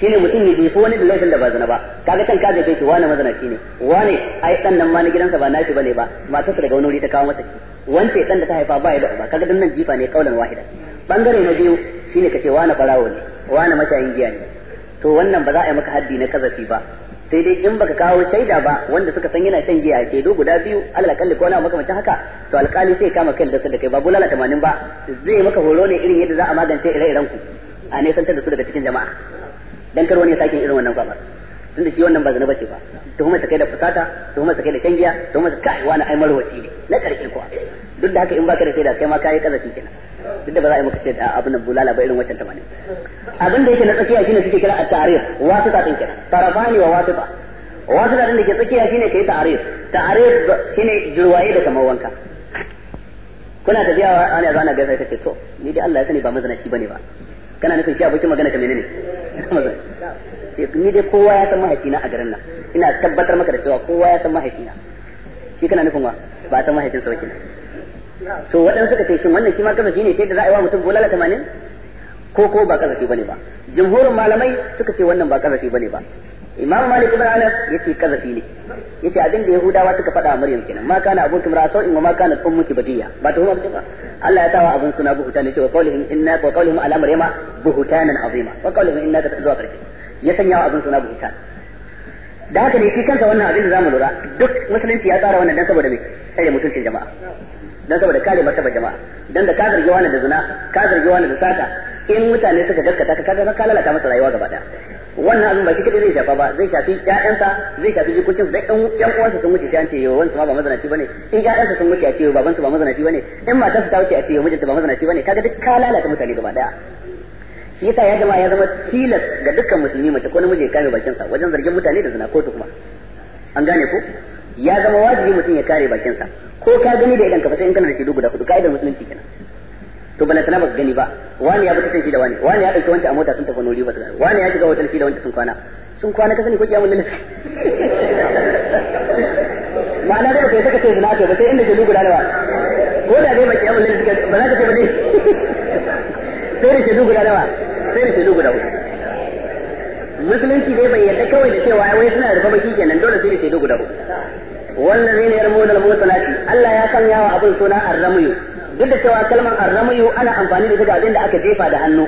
shine mutum ya jefi wani da laifin da ba zina ba kaga kan kaje kai shi wani mazanaci ne wani ai dan nan ma na gidansa ba nashi bane ba matarsa daga wani wuri ta kawo masa shi wance dan da ta haifa ba ya da uba kaga dan nan jifa ne kaulan wahida bangare na biyu shine kace wani farawo ne wani mashayin giya ne to wannan ba za a yi maka haddi na kazafi ba sai dai in baka kawo shaida ba wanda suka san yana shan giya do guda biyu alal kalli ko na makamacin haka to alkali sai kama kai da da kai ba bulala tamanin ba zai maka horo ne irin yadda za a magance ire-iren ku a nesantar da su daga cikin jama'a dan kar wani ya sake irin wannan kwamar tunda shi wannan ba zina bace ba tuhumar kai da fusata tuhumar kai da kangiya tuhumar kai wani ai marwaci ne na karshe kuwa duk da haka in baka da da kai ma kai kazafi kenan duk da ba za a yi maka shaida abin nan bulala ba irin wancan tamanin abin da yake na tsakiya shine suke kira at-ta'rif wasita din kenan tarafani wa wasita wasita din da ke tsakiya shine kai ta'rif ta'rif shine jirwaye da kamar wanka kuna tafiya wa ana zana gaisa kace to ni dai Allah ya sani ba mazanaci bane ba kana nufin shi abokin magana ka menene ni dai kowa ya san mahaifina a garin nan ina tabbatar maka da cewa kowa ya san mahaifina shi kana nufin wa ba san mahaifin sa wakil to waɗansu suka ce shin wannan shi ma kasafi ne sai da za a yi wa mutum bulala tamanin ko ko ba kasafi bane ba jumhurin malamai suka ce wannan ba kasafi bane ba imam malik ibn anas yace kazafi ne yace abin da yahudawa suka faɗa maryam kenan ma kana kimra sau in wa ma kana ummuki badiya ba ta huma ba Allah ya tawa abun suna buhutan yace wa qawlihim inna wa qawlihim ala maryama buhutanan azima wa qawlihim inna ka zuwa karshe ya sanya wa abin suna buhutan da haka ne shi kansa wannan abin da zamu lura duk musulunci ya tsara wannan dan saboda me tsare mutuncin jama'a dan saboda kare martaba jama'a dan da ka zargi wani da zina ka zargi wani da sata in mutane suka gaskata ka kaga ka lalata masa rayuwa gaba daya wannan abin ba shi kadai zai shafa ba zai shafi ƴaƴansa zai shafi jikokin da ƴan ƴan uwansa sun wuce sai an ce yau wansu ma ba mazanaci bane in ƴaƴansa sun wuce a ce yau babansu ba mazanaci bane in matarsa ta wuce a ce yau mijinta ba mazanaci bane kaga duk ka lalata mutane gaba daya shi yasa ya zama ya zama tilas ga dukkan musulmi mace ko namiji ya kare bakin sa wajen zargin mutane da zina ko tuhuma an gane ko ya zama wajibi mutum ya kare bakin sa ko ka gani da idan ka fasa in kana da shi shaidu guda hudu ka'idar musulunci kenan to bana tana baka gani ba wani ya fita shi da wani wani ya dauki wancan a mota sun tafi nuri ba wani ya shiga hotel shi da wancan sun kwana sun kwana ka sani ko kiyamun lillahi ma'ana da kai saka ce zina ka ba sai inda ke guda da ba ko da dai ba kiyamun lillahi ba za ka ce ba dai sai da shaidu guda nawa sai da shaidu guda hudu musulunci dai bai yadda kawai da cewa wai suna da baki kenan dole sai da shaidu guda hudu wannan zai ne yarmuna al-musalati Allah ya sanya wa abin suna ar-ramyu duk da cewa kalmar ar-ramyu ana amfani da ita abin da aka jefa da hannu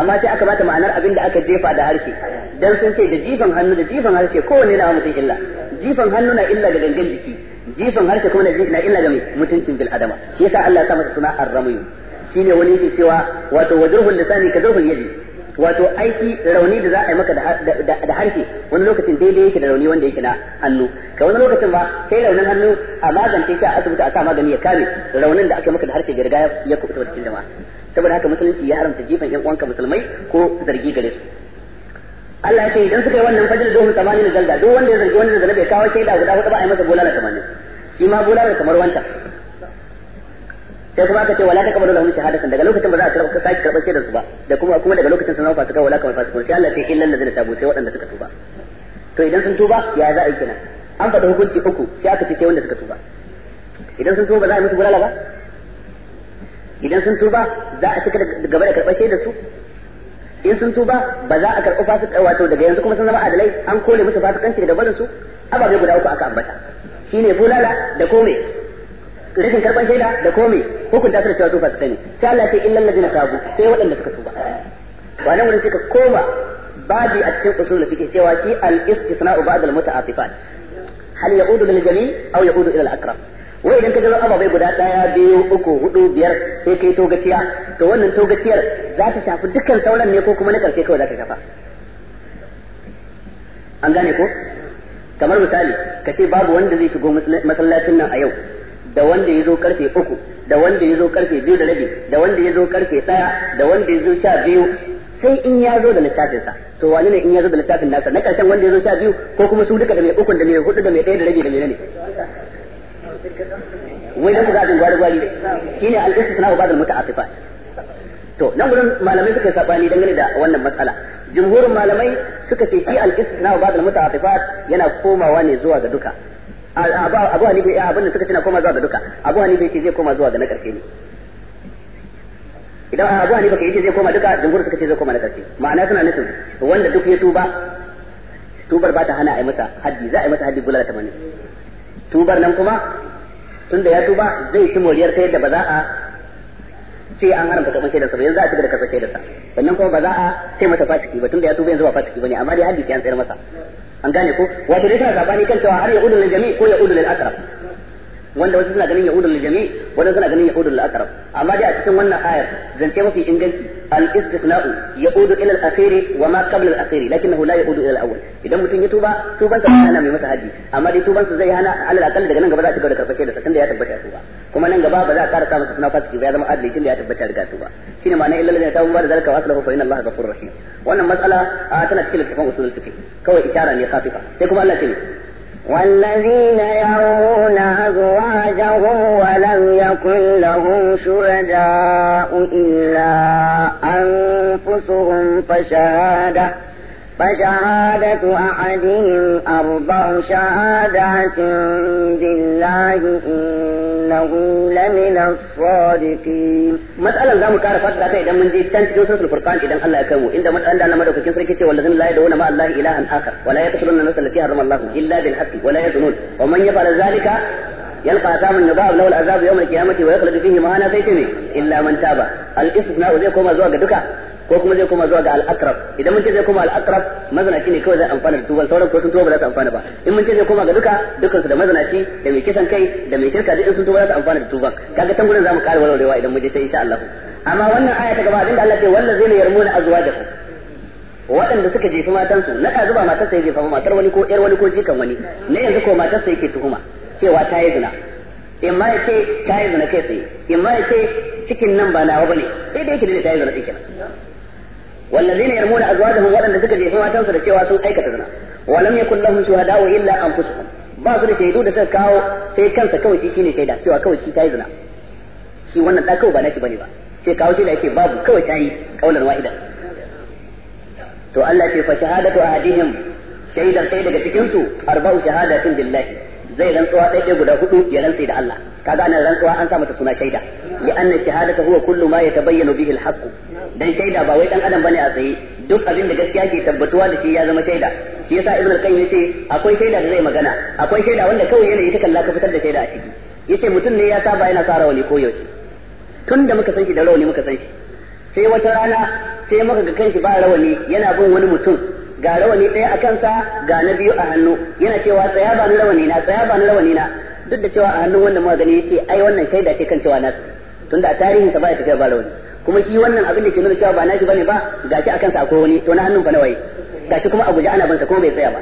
amma sai aka bata ma'anar abin da aka jefa da harshe dan sun ce da jifan hannu da jifan harshe kowanne na mutum illa jifan hannu na illa ga dangin jiki jifan harshe kuma na illa ga mutuncin bil adama shi yasa Allah ya sa masa suna ar-ramyu shine wani yake cewa wato wajruhul lisani ka zurfin yadi wato aiki rauni da za a yi maka da harshe wani lokacin daidai yake da rauni wanda yake na hannu ka wani lokacin ba sai raunin hannu a magance shi a asibiti a sa magani ya kame raunin da aka maka da harshe gargaya ya kubuta wata cikin saboda haka musulunci ya haramta jifan yan uwanka musulmai ko zargi gare su Allah ya ce idan suka yi wannan fajr dohun tamanin zalda duk wanda ya zargi wanda da zanabe kawo shaida guda hudu ba a yi masa bulala tamanin shi ma bulala kamar wanta sai kuma aka ce wala ta kabalu lahum shahadatan daga lokacin ba za a karɓa sake karɓa shaidar su ba da kuma kuma daga lokacin sun fasika wala kamar fasikun sai Allah sai illal ladina tabu sai waɗanda suka tuba to idan sun tuba ya za a yi kenan an faɗa hukunci uku sai aka ce sai wanda suka tuba idan sun tuba ba za a yi musu bulala ba idan sun tuba za a cika gaba da karɓar shaidar su in sun tuba ba za a karɓi fasik wato daga yanzu kuma sun zama adalai an kole musu fasikanci daga barin su ababe guda uku aka ambata shine bulala da kome rashin karban shaida da komai hukunta su da cewa su fasika ne sai Allah ce illal ladina tabu sai waɗanda suka tuba ba nan wurin suka koma babi a cikin usul fiqh cewa shi al istisna'u ba'd al muta'affifat hal ya'udu lil jami' aw ya'udu ila al aqrab wai idan ka ga ababai guda daya biyu uku hudu biyar sai kai togaciya to wannan togaciyar za ta shafi dukkan sauran ne ko kuma na karshe kawai za ka shafa an gane ko kamar misali ka ce babu wanda zai shigo masallacin nan a yau da wanda ya zo karfe uku da wanda ya zo karfe biyu da rabi da wanda ya zo karfe ɗaya da wanda ya zo sha biyu sai in ya zo da littafinsa to wani ne in ya zo da littafin nasa na karshen wanda ya zo sha biyu ko kuma su duka da mai ukun da mai hudu da mai ɗaya da rabi da mai ne wai da ku gadin gwari gwari shine al-istisna ba da muta'assifat to nan gurin malamai suka sabani dangane da wannan matsala jumhurin malamai suka ce shi al-istisna ba da muta'assifat yana komawa ne zuwa ga duka abu hanifa ya eh, abin da suka ce na koma zuwa ga duka abu hanifa ce zai koma zuwa ga na karshe ne idan abu hanifa ka ce zai koma duka jimgur suka ce zai koma na karshe ma'ana suna nufin wanda duk ya tuba tubar ba ta hana a yi masa haddi za a yi masa haddi bulala tamanin tubar nan kuma tunda ya tuba zai ci moriyar ta yadda ba za a sai an haramta karɓar shaidar sa ba yanzu a cigaba da karɓar shaidar sa sannan kuma ba za a sai mata fasiki ba tunda ya tuba yanzu ba fasiki bane amma dai hadisi an tsayar masa an gane ko wato dai tana sabani kan cewa har ya udul jami ko ya udul al-aqrab wanda wasu suna ganin ya udul jami wanda suna ganin ya udul al-aqrab amma dai a cikin wannan ayar zance mafi inganci الاستثناء يعود الى الاخير وما قبل الاخير لكنه لا يعود الى الاول idan mutum ya tuba tuban sa yana mai masa haji amma dai tuban sa zai hana alal akalla daga nan gaba za a cigaba da karfafe da sakin da ya tabbata tuba kuma nan gaba ba za a ƙara samun sunan ciki ba ya zama adali tun da ya tabbata daga tuba shine ma'ana illal ladina tabu da zalika waslahu fa inna allaha ghafurur rahim wannan mas'ala tana cikin littafin usulul fiqh kawai isharar ne khafifa sai kuma Allah ya ce والذين يرون أزواجهم ولم يكن لهم شهداء إلا أنفسهم فشهادة فشهادة أحدهم أربع شهادات بالله إنه لمن الصادقين مسألة لا كارفة لا إذا من جيت كانت جوسة القرآن إذا الله يكمو إذا مسألة لما مدوك كنسر كتير والذين لا يدعون مع الله إلها آخر ولا يقتلون الناس التي حرم الله إلا بالحق ولا يزنون ومن يفعل ذلك يلقى عذاب النظام له العذاب يوم القيامة ويخلد فيه مهانا فيتمي إلا من تاب الإسم زي أزواج زوج دكا ko kuma zai koma zuwa ga al idan mun ce zai koma al mazanaci ne kawai zai amfana da tuban sauran ko sun tuba ba za su amfana ba in mun ce zai koma ga duka dukkan su da mazanaci da mai kisan kai da mai shirka duk in sun tuba za su amfana da tuban kaga tan gurin zamu ƙara walwalewa idan mun je sai insha Allah amma wannan aya ta gaba abinda Allah ce wallazina yarmuna azwajahum waɗanda suka jefi matansu na zuba matar matarsa ya jefa matar wani ko ƴar wani ko jikan wani ne yanzu ko matar matarsa yake tuhuma cewa ta yi zina in ma ya ce ta yi zina kai tsaye in ma ya cikin nan ba nawa ba sai da yake da ta yi zina ɗin wallazina yarmuna azwajahum wadanda suka jefa matansa da cewa sun aikata zina walam yakul lahum shuhada'u illa anfusuhum ba su da shaidu da suka kawo sai kansa kawai shi shine shaida cewa kawai shi tayi zina shi wannan da kawai ba nashi bane ba sai kawo shi da yake babu kawai tayi kaulan wahida to Allah ce fa shahadatu ahadihim shaidar sai daga cikin su shahada shahadatin billahi zai rantsuwa ɗaya ɗaya guda hudu ya rantsi da Allah kaga anan rantsuwa an sa mata suna shaida li anna shahadatu huwa kullu ma yatabayyanu bihi alhaqq dan shaida ba wai dan adam bane a tsaye duk abin da gaskiya ke tabbatuwa da shi ya zama shaida shi yasa ibnu al-qayyim yace akwai shaida da zai magana akwai shaida wanda kawai yana ta kalla ka fitar da shaida a ciki yace mutum ne ya saba yana sa rawani ko yaushe tun da muka san shi da rawani muka san sai wata rana sai muka ga kanshi ba rawani yana bin wani mutum ga rawani ɗaya a kansa ga na biyu a hannu yana cewa tsaya ba ni rawani na tsaya ba ni rawani na duk da cewa a hannun wannan magani yake ai wannan da ke kan cewa tun tunda a tarihin sa ba ya tafiya ba rawani kuma shi wannan abin da ke nuna cewa ba nashi bane ba shi a kansa akwai wani to na hannun fa na waye shi kuma a guje ana bansa kuma bai tsaya ba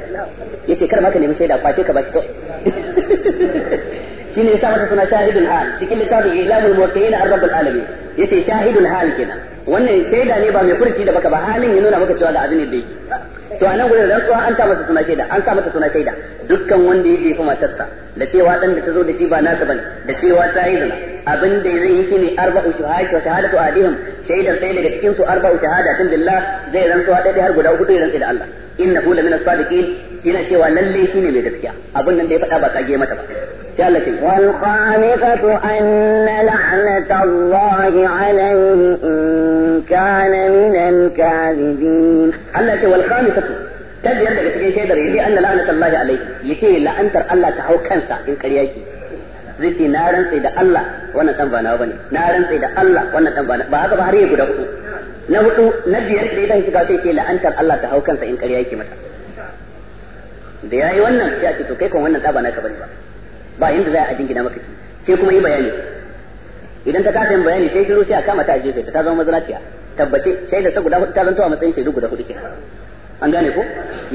yake kar ma ka nemi shaida kwace ka ba shi shi ne yasa suna shahidul hal cikin littafin ilamul muwaqqi'ina ar rabbul alamin yace shahidul hal kenan wannan shaida ne ba mai furci da baka ba halin ya nuna maka cewa da abin da yake to anan gurin rantsuwa an sa masa suna shaida an sa masa suna shaida dukkan wanda ya jefa matarsa da cewa dan da ta zo da shi ba nasa bane da cewa ta yi abin da zai yi shine arba'u shuhada wa shahadatu adihim shaidar ɗaya daga cikin su arba'u shahadatin billah zai rantsuwa ɗaya har guda uku ya rantsi da Allah innahu lamina sadiqin yana cewa lalle shine mai gaskiya abin nan da ya faɗa ba kage mata ba إيه؟ والخامسة أن لعنة الله عليه إن كان من الكاذبين التي إيه؟ والخامسة تجي عندك تجي شيء دري لأن لعنة الله عليه يكي لا أنتر الله تحو كنسا إن كريكي زيتي نارا سيدة الله وانا تنبانا وبني نار سيدة الله وانا تنبانا بهذا بحرية قد أخو إيه؟ نهتو نجي عندك إذا انت قاتي كي لا أنتر الله تحو كنسا إن كريكي مثلا دي أي ونن يأتي تكيكم ونن تابانا كبني ba inda za a jingina maka shi sai kuma yi bayani idan ta kasa yin bayani sai shi sai a kama ta a jefe ta zama mazalaciya tabbace sai da sa guda hudu ta zanta wa matsayin shaidu guda hudu kenan an gane ko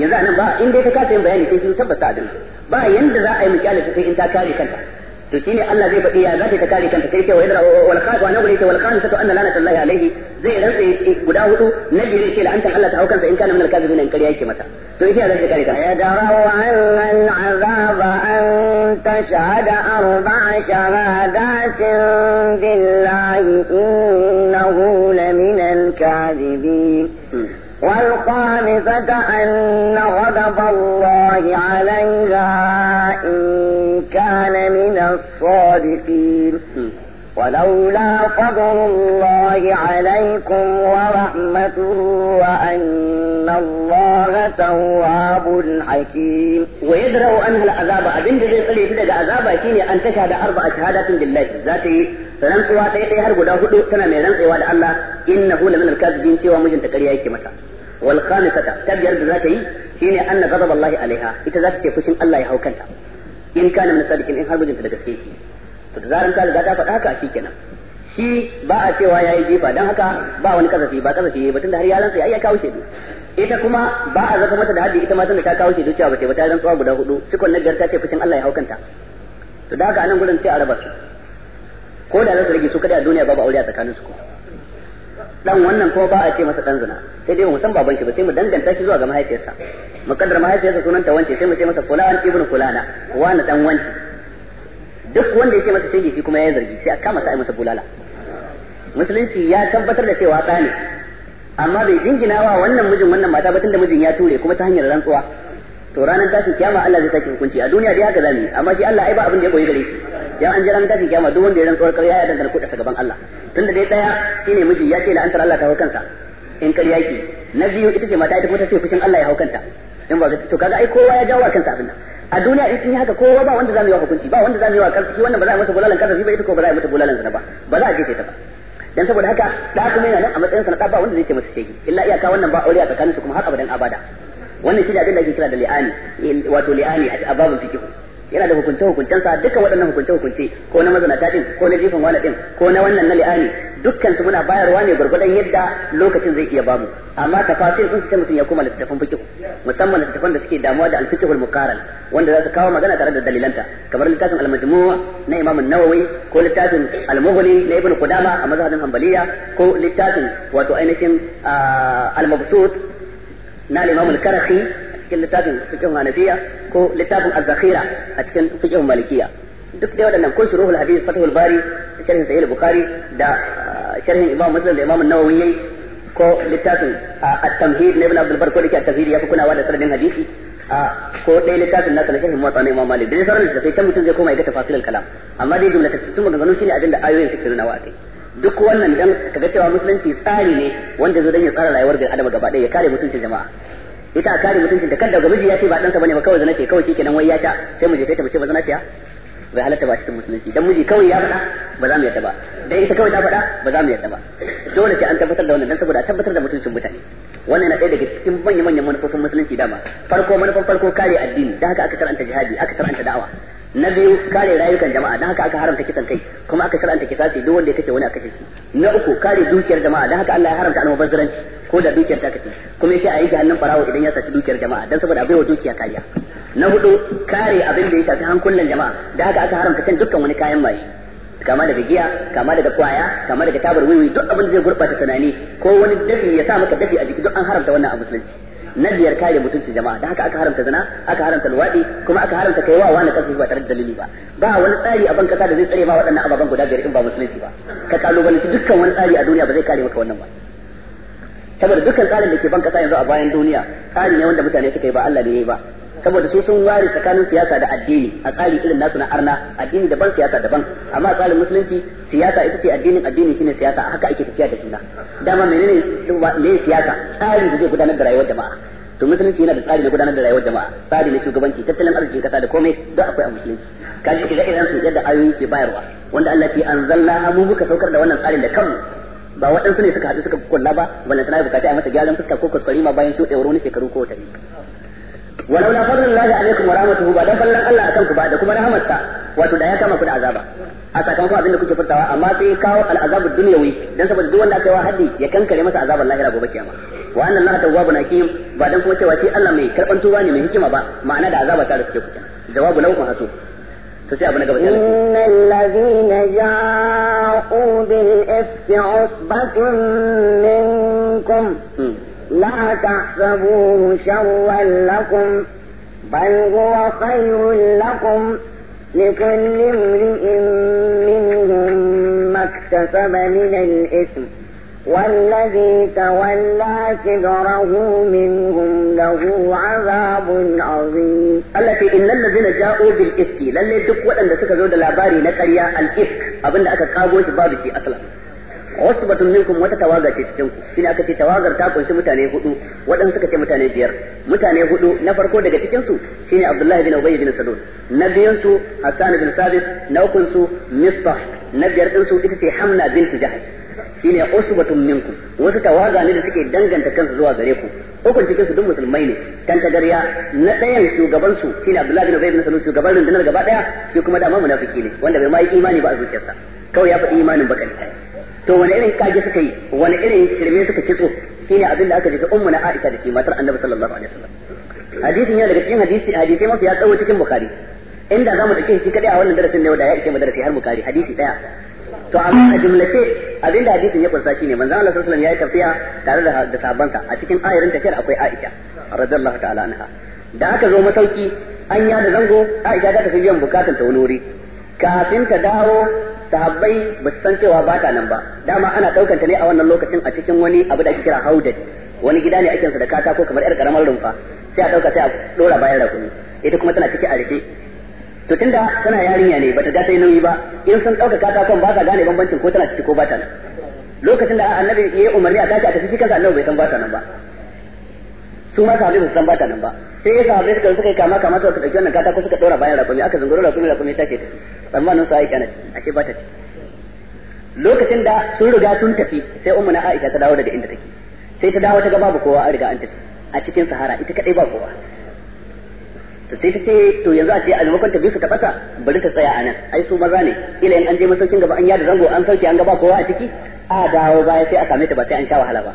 yanzu anan ba inda ta kasa yin bayani sai shi tabbata a dinka ba yanda za a yi misali sai in ta kare kanta to shine Allah zai faɗi ya za ta kare kanta sai ce wa yadra wal khafu an ubri wal khafu to anna lanat Allah alaihi zai rantsa guda hudu nabi zai ce la'antan Allah ta haukansa in kana min al-kazirin in kariya yake mata to yake ya zai kare kanta ya daraw an al-azab an tashhada arba'a shahadatin billahi innahu lamin al-kadhibin والخامسة أن غضب الله عليها إن كان من الصادقين ولولا فضل الله عليكم ورحمته وأن الله تواب حكيم ويدرأ أن العذاب أبن جزي قلي بدأ عذاب أكيني أن تشهد أربع شهادات بالله ذاتي سلام تيقي هرب داهد هدو ميزان الله إنه لمن الكاذبين سوى مجن تقريعي كمتا wal khamisata ta biyar da za ta yi shine anna ghadab Allah alaiha ita za ta ce fushin Allah ya hau kanta in kana min sadiqin in har mijinta da gaske yake ta riga ta faɗa haka shikenan shi ba a cewa yayi jefa dan haka ba wani kasafi ba kasafi batun da har yaran sa ai ya kawo shedu ita kuma ba a zaka mata da haddi ita ma tunda ta kawo shedu cewa ba ta ta rantsuwa guda hudu cikon na biyar ta ce fushin Allah ya haukanta to da haka a ko da za su rage su kada a duniya babu aure a tsakanin su ko dan wannan ko ba a ce masa dan zina sai dai mu san baban shi ba sai mu danganta shi zuwa ga mahaifiyarsa mu kaddara mahaifiyarsa sunanta wance sai mu ce masa fulan ibn fulana wani dan wance duk wanda yake masa sai shi kuma ya zargi sai a kama sa ai masa bulala musulunci ya tabbatar da cewa ɗa ne amma bai jingina wa wannan mijin wannan mata ba tunda mijin ya ture kuma ta hanyar rantsuwa to ranar tashin kiyama Allah zai sake hukunci a duniya dai haka zamu yi amma shi Allah ai ba abin da ya koyi gare shi dan an jira ranar tashin kiyama duk wanda ya rantsuwar ƙarya ya dangana da gaban Allah tunda dai daya shine miji ya ce la'antar Allah ta hau kansa in kar yaki na biyu ita ce mata ita kuma ta ce fushin Allah ya hau kanta in ba to kaga ai kowa ya jawo wa kansa abinda. a duniya in sun yi haka kowa ba wanda za mu yi wa hukunci ba wanda za mu yi wa kansa shi wannan ba za a masa bulalan kansa shi ba ita ko ba za a masa bulalan zina ba ba za a jefe ta ba dan saboda haka da kuma yana nan a matsayin sa ba wanda zai ce masa shege illa iyaka wannan ba aure a tsakaninsu kuma har abadan abada wannan shi da abin da ake kira da li'ani eh, wato li'ani a babin fikihu yana da hukunce hukuncen sa dukkan waɗannan hukunce hukunce ko na mazanata din ko na jifan wani din ko na wannan na li'ani dukkan su muna bayarwa ne gurgurdan yadda lokacin zai iya bamu amma tafasir sun sai mutum ya koma littafin fiqh musamman littafin da suke damuwa da al-fiqh al-muqaran wanda za su kawo magana tare da dalilanta kamar littafin al-majmu' na Imam an-Nawawi ko littafin al-Mughni na Ibn Qudama a mazhabin Hanbaliya ko littafin wato ainihin ah, al-Mabsut na Imam al-Karahi cikin littafin fiqh hanafiya ko littafin az-zakhira a cikin fiqh malikiya duk dai waɗannan ko shuruhul hadith fathul bari sharhin sahih bukhari da ah, sharhin imam muslim da imam an-nawawi yayi ko littafin ah, at-tamhid na ibn abdul bar ko dake at-tamhid ya fi kunawa da sanadin hadisi ah, ko dai littafin nasa na sharhin motsa na imam malik da sauran littafai can mutum zai koma ya ga tafasilul kalam amma dai jumla ta cikin maganganu shine abin da ayoyin suke nuna wa akai duk wannan dan kaga cewa musulunci tsari ne wanda zo dan ya tsara rayuwar ga adam gaba ɗaya ya kare mutuncin jama'a ita a kare mutuncin da kanta ga miji ya ce ba ɗansa bane ba kawai zana ce kawai nan wai ya ta sai mu je kai ta bace ba zana ya bai halatta ba cikin musulunci dan miji kawai ya faɗa ba za mu yadda ba dan ita kawai ta faɗa ba za mu yadda ba dole sai an tabbatar da wannan dan saboda a tabbatar da mutuncin mutane wannan na ɗaya daga cikin manyan manyan manufofin musulunci dama farko manufan farko kare addini dan haka aka karanta jihadi aka karanta da'awa na biyu kare rayukan jama'a dan haka aka haramta kisan kai kuma aka shar'anta kisasi duk wanda ya kashe wani a kashe shi na uku kare dukiyar jama'a dan haka Allah ya haramta almubazzaranci ko da dukiyar ta kace kuma yace a yi ga hannun farawo idan ya saci dukiyar jama'a dan saboda abaiwa dukiya kariya na hudu kare abin da ya shafi hankulan jama'a da haka aka haramta kan dukkan wani kayan maye kama daga giya kama daga kwaya kama daga tabar wiwi duk abin da zai gurɓata tunani ko wani dafi ya sa maka dafi a jiki duk an haramta wannan a musulunci na biyar kare mutuncin jama'a da haka aka haramta zina aka haramta luwaɗi kuma aka haramta kai wa wani kasu ba tare da dalili ba ba wani tsari a ban kasa da zai tsare ma waɗannan ababen guda biyar in ba musulunci ba ka kalubalanci dukkan wani tsari a duniya ba zai kare maka wannan ba saboda dukkan tsarin da ke ban kasa yanzu a bayan duniya tsari ne wanda mutane suka yi ba Allah ne yi ba saboda su sun ware tsakanin siyasa da addini a tsari irin nasu na arna addini daban siyasa daban amma a tsarin musulunci siyasa ita ce addinin addini shine siyasa haka ake tafiya da juna dama menene ne siyasa tsari da zai gudanar da rayuwar jama'a to musulunci yana da tsari na gudanar da rayuwar jama'a tsari na shugabanci tattalin arzikin kasa da komai duk akwai a musulunci kaji ga irin su yadda ayoyi ke bayarwa wanda Allah ya anzalna mu muka saukar da wannan tsarin da kanmu ba waɗansu ne suka haɗu suka kulla ba balantana ya bukaci a masa gyaran fuska ko kuskure ma bayan shuɗe wani shekaru ko watanni walau la fadlan lahi alaikum wa rahmatuhu ba dan fallan Allah akan ku ba da kuma rahmatsa wato da ya kama ku da azaba a sakamakon abin da kuke furtawa amma sai kawo al'azabu dunyawi dan saboda duk wanda cewa haddi ya kankare masa azabar lahira gobe kiyama wa anna Allah tawwabun hakim ba dan kuma cewa shi Allah mai karban tuba ne mai hikima ba ma'ana da azaba ta rike ku jawabu lahu hasu to sai abu na gaba sai Allah ja'u bil عصبة منكم لا تحسبوه شرا لكم بل هو خير لكم لكل امرئ منهم ما اكتسب من الإثم والذي تولى كبره منهم له عذاب عظيم التي إن الذين جاءوا بالإفك للي دك وأن باري لك نكريا الإفك أبن أكا قابوش بابتي أصلا wasu batun minkum wata tawaga ce cikin ku shine aka ce tawagar ta kunshi mutane hudu waɗansu suka ce mutane biyar mutane hudu na farko daga cikin su shine Abdullahi bin Ubay bin Salul na biyun su Hassan bin Sabit na ukun su Misbah na biyar din su ita ce Hamna bint Jahash shine batun minkum wasu tawaga ne da suke danganta kansu zuwa gare ku ukun cikin su duk musulmai ne kan ta gariya na ɗayan shugaban su shine Abdullahi bin Ubay bin Salul shugaban rundunar gaba daya shi kuma da fiki ne wanda bai ma yi imani ba a zuciyarsa kawai ya faɗi imanin bakali to wani irin kage suka yi wani irin shirme suka kitso shine abin da aka ji ummu na Aisha da ke matar Annabi sallallahu alaihi wasallam hadisin yana daga cikin hadisi hadisi mafi ya tsawo cikin Bukhari inda zamu dake shi kadai a wannan darasin ne da ya ike madarasi har Bukhari hadisi daya to amma a jumlace abin da hadisin ya kunsa shine manzo Allah sallallahu alaihi wasallam ya yi tafiya tare da da a cikin ayarin tafiyar akwai Aisha radiyallahu ta'ala anha da aka zo masauki an ya da zango Aisha ta tafi biyan bukatun ta wani wuri kafin ta dawo sahabbai ba su san cewa ba ta nan ba dama ana ɗaukanta ta ne a wannan lokacin a cikin wani abu da ake kira haudat wani gida ne ake sa da katako kamar yar karamar rumfa sai a ɗauka sai a ɗora bayan rakumi ita kuma tana ciki a rike to tunda tana yarinya ne bata ga ta nauyi ba in sun ɗauka katakon ba ka gane bambancin ko tana ciki ko ba ta nan lokacin da annabi ya yi umarni a tashi a tafi shi kansa annabi bai san ba ta nan ba su ma sahabbai ba su san ba ta nan ba sai ya sahabbai suka suka yi kama kama suka ɗauki wannan katako suka ɗora bayan rakumi aka zungura rakumi rakumi ta tafi tsammanin su Aisha na ashe bata ta lokacin da sun riga sun tafi sai ummu na Aisha ta dawo daga inda take sai ta dawo ta ga babu kowa a riga an tafi a cikin sahara ita kadai ba kowa to sai ta ce to yanzu a ce a maimakon ta bi su ta fata bari ta tsaya a nan ai su maza ne kila in an je masaukin gaba an yada zango an sauke an ga ba kowa a ciki a dawo baya sai a same ta ba sai an sha wahala ba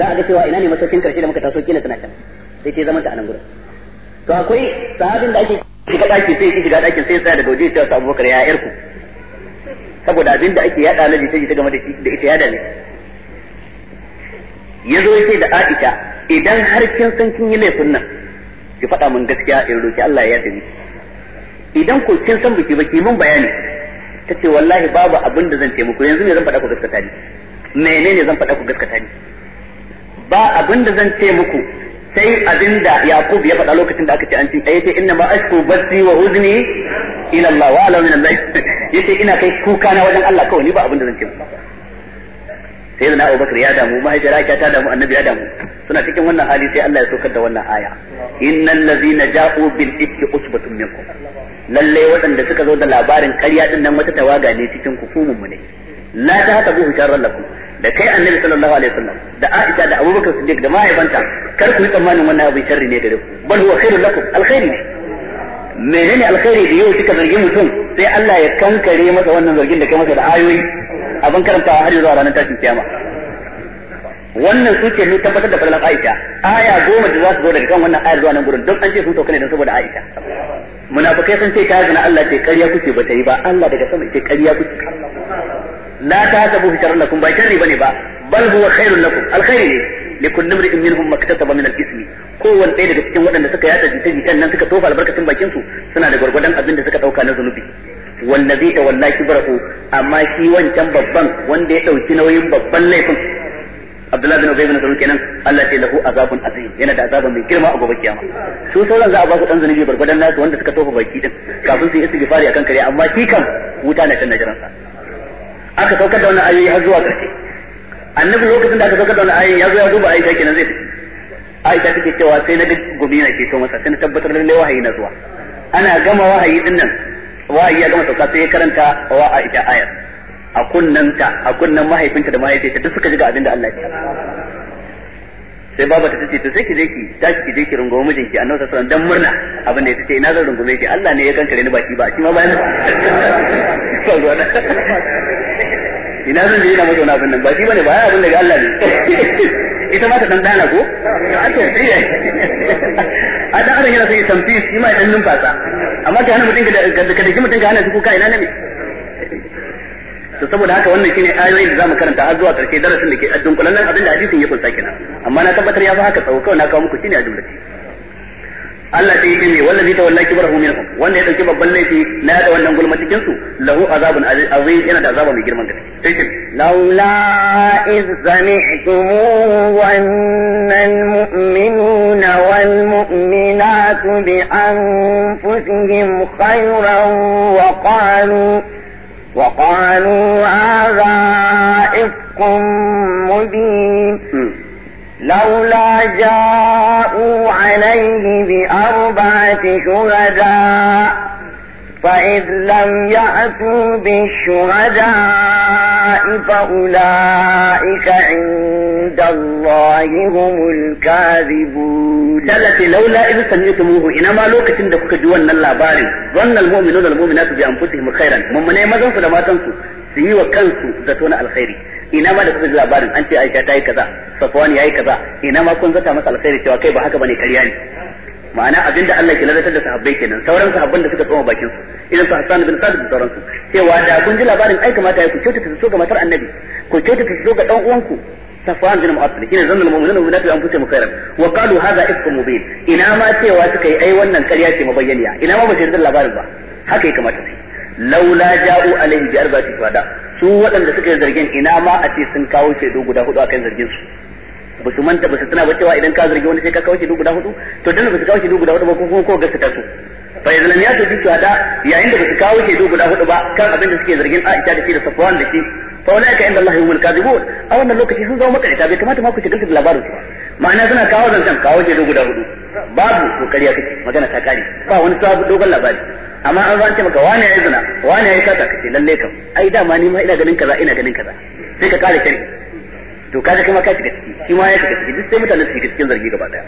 za a ga cewa ina ne masaukin karshe da muka taso kila tana can sai ta zama ta a nan gurin to akwai sahabin da ake in ɗaki sai ki shiga ɗakin sai tsaya daga waje sai wasu abubakar ya yarku saboda abin da ake yaɗa na jita jita game da ita ya dame ya zo yake da Aisha idan har kin san kin yi laifin nan ki faɗa min gaskiya in roki Allah ya yaɗa idan ko kin san biki ba ki mun bayani ta ce wallahi babu abin da zan taimako yanzu ne zan faɗa ku gaskata ni menene zan faɗa ku gaskata ni ba abin da zan ce muku sai abinda yaqub ya faɗa lokacin da aka ce an ci yace inna ma ashku basi wa uzni ila Allah wa ala min Allah yace ina kai kuka na wajen Allah kawai ni ba abinda zan ce sai da Abu Bakar ya damu mahaifiyar ta damu annabi ya damu suna cikin wannan hali sai Allah ya saukar da wannan aya innal ladzina ja'u bil ikki usbatun minkum lalle waɗanda suka zo da labarin ƙarya din nan wata tawaga ne cikin ku mu ne la ta haka bu sharran lakum da kai annabi sallallahu alaihi wasallam da Aisha da Abubakar Siddiq da mahaifanta kar ku yi tsammanin wannan abin sharri ne gare ku bal huwa khairul lakum alkhairi ne menene alkhairi da yau kika zargi mutum sai Allah ya kankare masa wannan zargin da kai masa da ayoyi abin karantawa har zuwa ranar tashin kiyama wannan su ni tabbatar da falalan Aisha aya goma da za su zo daga kan wannan ayar zuwa nan gurin don an ce sun sauka ne don saboda Aisha munafikai sun ce ta zina Allah ce kariya kuke ba ta yi ba Allah daga sama ce kariya kuke la tahsabu sharran lakum ba sharri bane ba bal huwa khairun lakum alkhairi ne likulli imrin minhum maktasaba min al-ismi kowanne ɗaya daga cikin waɗanda ya yada jita jitan nan suka tofa albarkacin bakin su suna da gwargwadon abin da suka dauka na zunubi wallazi tawalla kibrahu amma shi wancan babban wanda ya dauki nauyin babban laifin Abdullah bin Ubay bin Salul kenan Allah ce lahu azabun azim yana da girma a gobe kiyama su sauran za a ba su dan zanubi gurgudan nasu wanda ka tofa baki din kafin su yi istighfari akan kare amma shi wuta aka saukar da wannan ayoyi har zuwa ƙarshe annabi lokacin da aka saukar da wannan ayoyi ya zo ya duba aisha kenan zai aisha take cewa sai na gumi na ke to masa sai na tabbatar da lallai wahayi na zuwa ana gama wahayi din nan wahayi ya gama sauka sai ya karanta wa aisha ayar a kunnanta a kunnan mahaifinta da mahaifinta duk suka ji ga abin da Allah ya sai baba ta ce to sai ki je ki tashi ki je ki rungume mijinki annabi sallallahu alaihi dan murna abin da ya ce ina zan rungume ki Allah ne ya kankare ni baki ba shi ma bayan ina zan je ina mazauna abin ba shi bane ba ya abin daga Allah ne ita ma ta dan dana ko a dan shi a da yana sai tamfi shi ma dan numfasa amma kai hana mutum ka da mutum ka hana su kuka ina ne to saboda haka wannan shine ayoyin da zamu karanta har zuwa karshe darasin da ke addun kullannan abin da hadisin ya kunsa kenan amma na tabbatar ya fi haka tsawo kawai na kawo muku shine a jumlace Allah sai yake ne wallazi tawalla kibrahu minhum wanda ya dauki babban laifi na da wannan gulma cikin su lahu azabun azim yana da azaba mai girman gaske sai laula iz sami'tumu wanna almu'minuna wal mu'minatu bi anfusihim khayran wa qalu وقالوا هذا إفق مبين لولا جاءوا عليه بأربعة شهداء فإذ لم يأتوا بالشهداء فأولئك عند الله هم الكاذبون التي لولا إذ سمعتموه إنما لوكة دفك جوان باري ظن المؤمنون المؤمنات بأنفسهم خيرا ممن يمزن فلما تنسوا سيوا كنسوا ذاتون الخير ina ma da kuka ji labarin an ce Aisha ta yi kaza Safwan yi kaza ina ma kun zata masa alkhairi cewa kai ba haka bane kariya ne ma'ana abinda Allah ke ladatar da sahabbai kenan sauran sahabban da suka tsoma bakin su irin su Hassan bin Sabit da sauransu cewa da kun ji labarin ai kamata ya ku kyautata su so ga matar Annabi ku kyautata su so ga dan uwanku safwan bin mu'attal shine zannul mu'minuna wa nafi anfusihim khairan wa qalu hadha ifkum mubin ina ma cewa suka yi ai wannan ƙarya ce mabayyaniya ina ma ba su yarda labarin ba haka ya kamata laula ja'u alaihi bi arba'ati shuhada su waɗanda suka yi zargin ina ma a ce sun kawo shaidu guda hudu akan zargin su ba su manta ba su tana ba cewa idan ka zargi wani sai ka kawo shaidu guda hudu to dan ba su kawo shaidu guda hudu ba ko kuma ko gaskata su fa idan ya ta bi shuhada yayin da ba su kawo shaidu guda hudu ba kan abin da suke zargin Aisha da shi da Safwan da shi fa walaka inda Allah yawmul kadibun a wannan lokaci sun zama makarita bai kamata ma ku shiga da labarin ma'ana suna kawo zancen kawo shaidu guda hudu babu ko kariya kake magana ta kare ba wani sabu dogon labari amma an zance an ce maka wani yayi zina wani yi sata kace lalle kam ai dama ni ma ina ganin kaza ina ganin kaza sai ka kare kai to kaje kuma ka shiga ciki shi ma ya shiga ciki duk sai mutanen su shiga cikin zargi gaba daya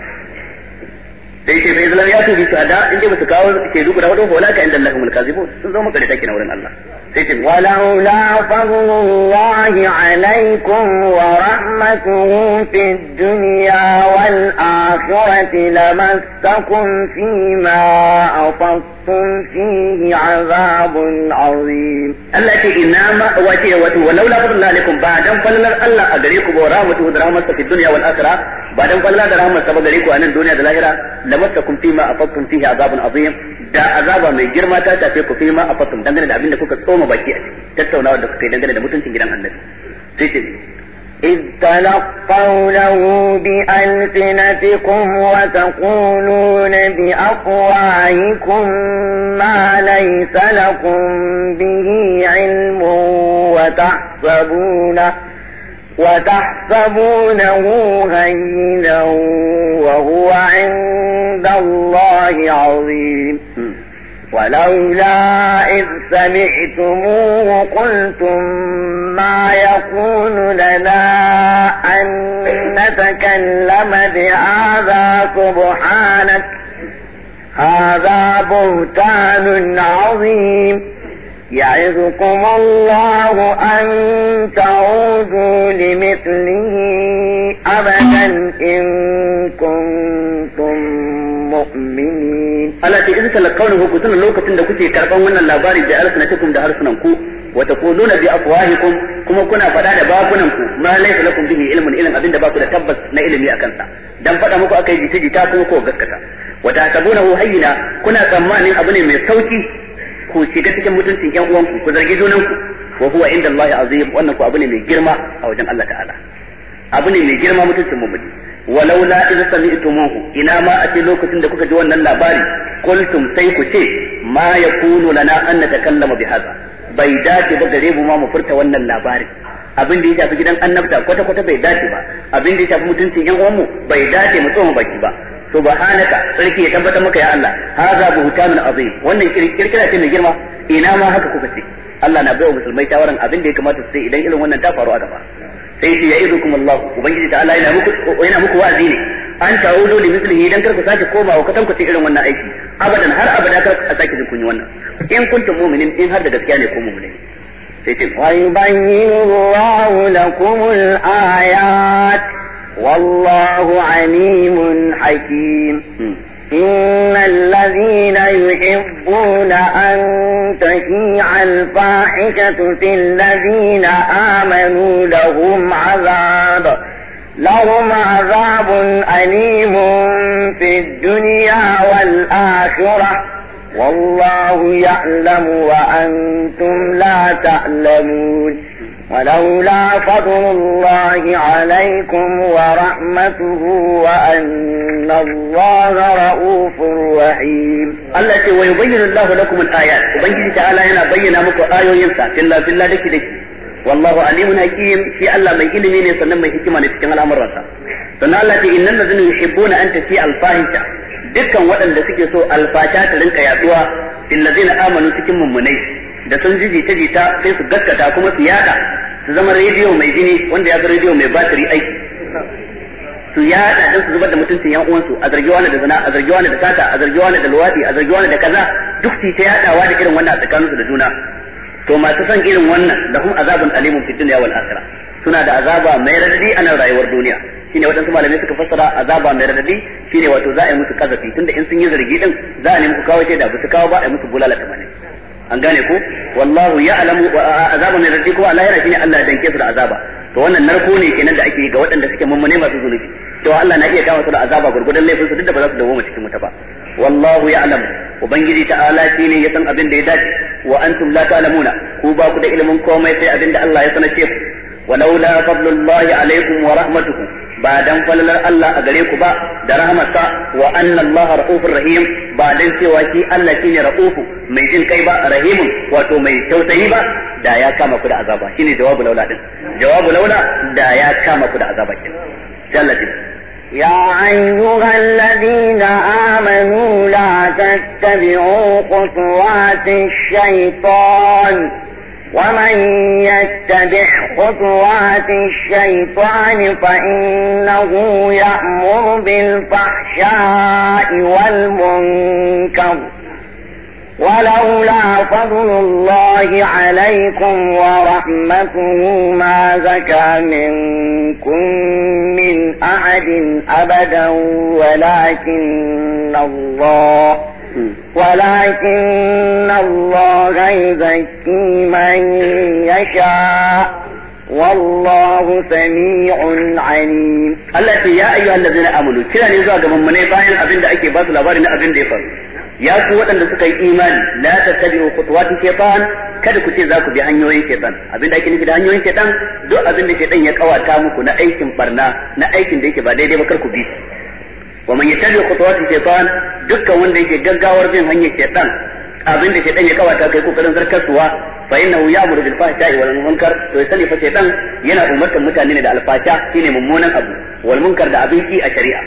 sai ce fa izlam ya tubi sada in dai su kawo ke duk da wadon hola ka inda Allah mulka zibu sun zo maka da take na wurin Allah sai ce walaula fadlullahi alaikum wa rahmatuhu fid dunya wal akhirati lamastakum fima afaqtum fihi azabun azim Allah ce inna ma wace wato walaula fadlullahi alaikum ba dan falalar Allah a gare ku ba rahmatuhu da rahmatsa fid dunya wal akhirah ba dan falalar da rahmatsa ba gare ku a nan duniya da lahira masakum fima afattum fihi azabun azim da azaba mai girma ta tafe ku fima afattum dangane da abin da kuka tsoma baki a ciki tattaunawa da kuka yi dangane da mutuncin gidan annabi sai ce إذ تلقونه بألسنتكم وتقولون بأفواهكم ما ليس لكم به علم وتحسبونه وتحسبونه هينا وهو عند الله عظيم ولولا إذ سمعتموه قلتم ما يكون لنا أن نتكلم بهذا سبحانك هذا بهتان عظيم يعظكم الله أن تعودوا لمثله أبدا إن كنتم مؤمنين ألا تئذ تلقونه كتن لوكة لكتي كرفان من اللابار بألسنتكم دهرسنكم وتقولون بأفواهكم كما كنا ku. باكننكم ما ليس لكم به علم إلم أبين باكو da tabbas na ilimi akan sa dan faɗa muku akai jita jita kuma ko gaskata wa tahsabunahu hayyina kuna tsammanin abu ne mai sauki ku shiga cikin mutuncin ƴan uwanku ku zargi junanku wa huwa inda Allah azim wannan ku abu ne mai girma a wajen Allah ta'ala abu ne mai girma mutuncin mu'mini walau idza sami'tumuhu ina ma a ce lokacin da kuka ji wannan labari qultum sai ku ce ma yakunu lana an natakallama bi bai dace ba gare mu ma mu furta wannan labarin abin da ya shafi gidan annabta kwata kwata bai dace ba abin da ya shafi mutuncin yan uwanmu bai dace mu tsoma baki ba subhanaka sarki ya tabbatar maka ya Allah hadha buhtanun azim wannan kirkira ce mai girma ina ma haka kuka ce Allah na baiwa musulmai tawaran abin da ya kamata su sai idan irin wannan ta faru a gaba sai ya ya'idukum Allah ubangiji ta Allah yana muku yana muku wa'azi ne an ta'udu li mithlihi idan karku sake komawa ka tanku irin wannan aiki abadan har abada kar a sake jin yi wannan in kuntum mu'minin in har da gaskiya ne ko mu'minin sai ce wa yubayyinu Allahu lakumul ayat والله عليم حكيم إن الذين يحبون أن تشيع الفاحشة في الذين آمنوا لهم عذاب لهم عذاب أليم في الدنيا والآخرة والله يعلم وأنتم لا تعلمون ولولا فضل الله عليكم ورحمته وأن الله رؤوف رحيم التي ويبين الله لكم الآيات وبنجي تعالى هنا بينا مكو آيو ينسى كلا بالله لك لك والله عليم حكيم في الله من إلمي نسنن من حكمة نفتن الأمر رسا سنة التي إننا الذين يحبون أن تسيء الفاهشة دكا وأن لسكي سوء الفاهشة لنك يعطوها في الذين آمنوا سكي ممنيه da sun ji jita jita sai su gaskata kuma su yada su zama rediyo mai jini wanda ya ga rediyo mai batiri aiki su yada don su zubar da mutuncin yan uwansu a zargi wani da zina a zargi wani da sata a zargi wani da luwadi a zargi wani da kaza duk su ta yadawa da irin wannan a tsakaninsu da juna to masu son irin wannan da kuma azabun alimun fid dunya wal akhirah suna da azaba mai radadi a nan rayuwar duniya shine waɗansu malamai suka fassara azaba mai radadi shine wato za a yi musu kazafi tunda in sun yi zargi din za a nemi ku kawo da ba su kawo ba a yi musu bulala kamar an gane ko wallahu ya'lamu wa azabun narki ko Allah yana shine Allah danke su da azaba to wannan narko ne kenan da ake yi ga waɗanda suke mummune masu zunubi to Allah na iya kama su da azaba gurgudan laifin su duk da ba za su dawo cikin wuta ba wallahu ya'lam ubangiji ta'ala shine ya san abin da ya dace wa antum la ta'lamuna ku ba ku da ilimin komai sai abin da Allah ya sanar ce ku ولولا فضل الله عليكم ورحمته ba dan falalar Allah a gare ku ba da rahmarsa wa anna Allah ra'ufur rahim ba dan cewa shi Allah shine ra'ufu mai jin kai ba rahimun wato mai tausayi ba da ya kama ku da azaba shine jawabu laula din jawabu laula da ya kama ku da azaba kin jallatin يا أيها الذين آمنوا لا تتبعوا خطوات الشيطان ومن يتبع خطوات الشيطان فإنه يأمر بالفحشاء والمنكر ولولا فضل الله عليكم ورحمته ما زكى منكم من أحد أبدا ولكن الله ولكن الله يزكي من يشاء والله سميع عليم الله يا ايها الذين امنوا kira ne zuwa ga mummune bayan abin ake ba su labari na abin da ya faru ya ku waɗanda suka yi imani la tattabi'u khutuwati shaytan kada ku ce za ku bi hanyoyin shaytan abin da ake nufi da hanyoyin shaytan duk abin da shaytan ya kawata muku na aikin barna na aikin da yake ba daidai ba kar ku bi wa man yattabi khutuwat shaytan dukkan wanda yake gaggawar bin hanyar shaytan abin da shaytan ya kawata kai kokarin zarkarsuwa fa innahu ya'muru bil fahsha'i wal munkar to sani fa shaytan yana umartar mutane ne da alfasha shine mummunan abu wal munkar da abin ki a shari'a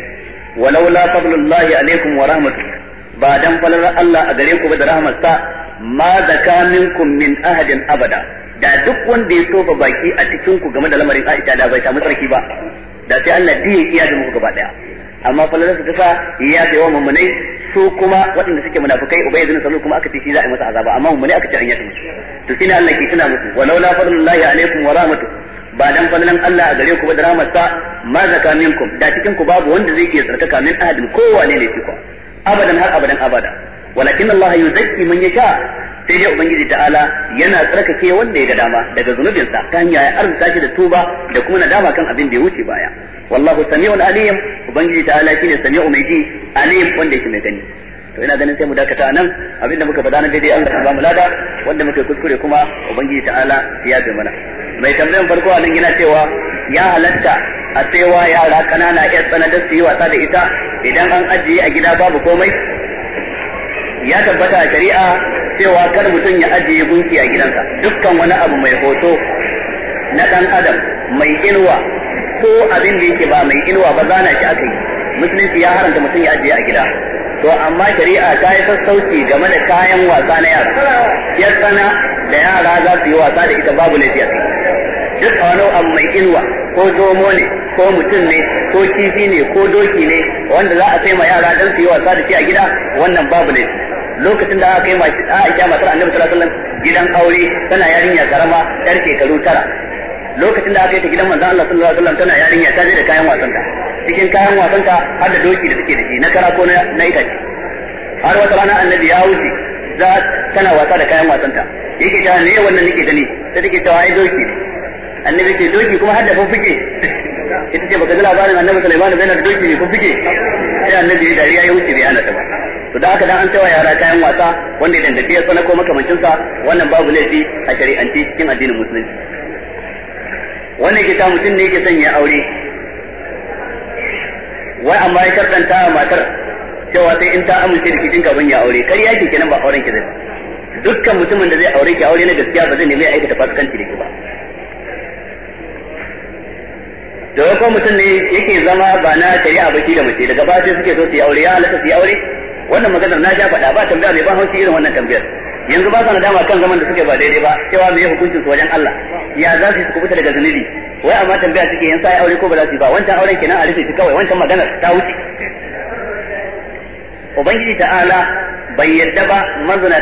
walaula fadlullahi alaikum wa rahmatuhu ba dan falar Allah a gare ku ba da rahmarsa ma zaka minkum min ahadin abada da duk wanda ya tofa baki a cikin ku game da lamarin Aisha da bai samu tsarki ba da sai Allah diye iya da muku gaba daya amma fallar su kasa ya fi yawan mummunai su kuma waɗanda suke munafukai ubai zina sanu kuma aka ce shi za a yi masa azaba amma mummunai aka ce an yafi musu to shine Allah ke tuna musu wa laula fadlullahi alaikum wa rahmatu ba dan fallan Allah a gare ku ba da rahmatsa ma zaka minkum da cikin ku babu wanda zai iya tsarkaka min ahadin kowane ne ku abadan har abadan abada walakin Allah yuzakki man yasha sai dai ubangiji ta'ala yana tsarkake wanda ya ga dama daga zunubinsa ta hanya ya arzuta shi da tuba da kuma nadama kan abin da ya wuce baya wallahu sami'un alim ubangiji ta'ala shine sami'u mai ji alim wanda yake mai gani to ina ganin sai mu dakata nan abinda muka faɗa na daidai Allah ta bamu lada wanda muka kuskure kuma ubangiji ta'ala ya ga mana mai tambayan farko anan yana cewa ya halatta a cewa yara kanana yan tsanadar su yi wasa da ita idan an ajiye a gida babu komai ya tabbata a shari'a cewa kar mutum ya ajiye gunki a gidansa dukkan wani abu mai hoto na dan adam mai inuwa ko abin da yake ba mai inuwa ba zana shi aka yi musulunci ya haramta mutum ya ajiye a gida to amma shari'a ta yi sassauci game da kayan wasa na yara ya sana da yara za su yi wasa da ita babu laifi a duk wani abu mai inuwa ko zomo ne ko mutum ne ko kifi ne ko doki ne wanda za a sai ma yara don su yi wasa da shi a gida wannan babu laifi lokacin da aka kai mace Aisha matar Annabi sallallahu alaihi wasallam gidan aure tana yarinya karama yar shekaru tara lokacin da aka yi ta gidan manzon Allah sallallahu alaihi wasallam tana yarinya ta je da kayan wasanta cikin kayan wasanta har da doki da take da shi na kara ko na itace har wata rana Annabi ya wuce za tana wasa da kayan wasanta yake ta ne wannan nake gani sai take ta ai doki ne Annabi ce doki kuma har da fuffuke ita ce baka ji labarin annabi Sulaiman bai na doki ne ko fike sai annabi ya dariya ya wuce bai ana ta ba to da haka dan an cewa yara kayan wasa wanda idan da ya sana ko makamancin sa wannan babu laifi a shari'anci cikin addinin musulunci wannan ke ta mutum ne yake sanya aure wai amma ya karɗanta wa matar cewa sai in ta amince da kitin gaban ya aure kariya ke kenan ba auren ki zai dukkan mutumin da zai aure ki aure na gaskiya ba zai nemi aikata fasikanci da ki ba da ko mutum ne yake zama ba na shari'a ba shi da mace daga baya suke so su yi aure ya halatta su yi aure wannan maganar na sha faɗa ba tambaya mai ban haushi irin wannan tambayar yanzu ba sa dama kan zaman da suke ba daidai ba cewa me hukuncin su wajen Allah ya za su kubuta daga zunubi wai amma tambaya suke yin sai aure ko ba za su ba wancan auren kenan a rufe shi kawai wancan maganar ta wuce ubangiji ta'ala bai yarda ba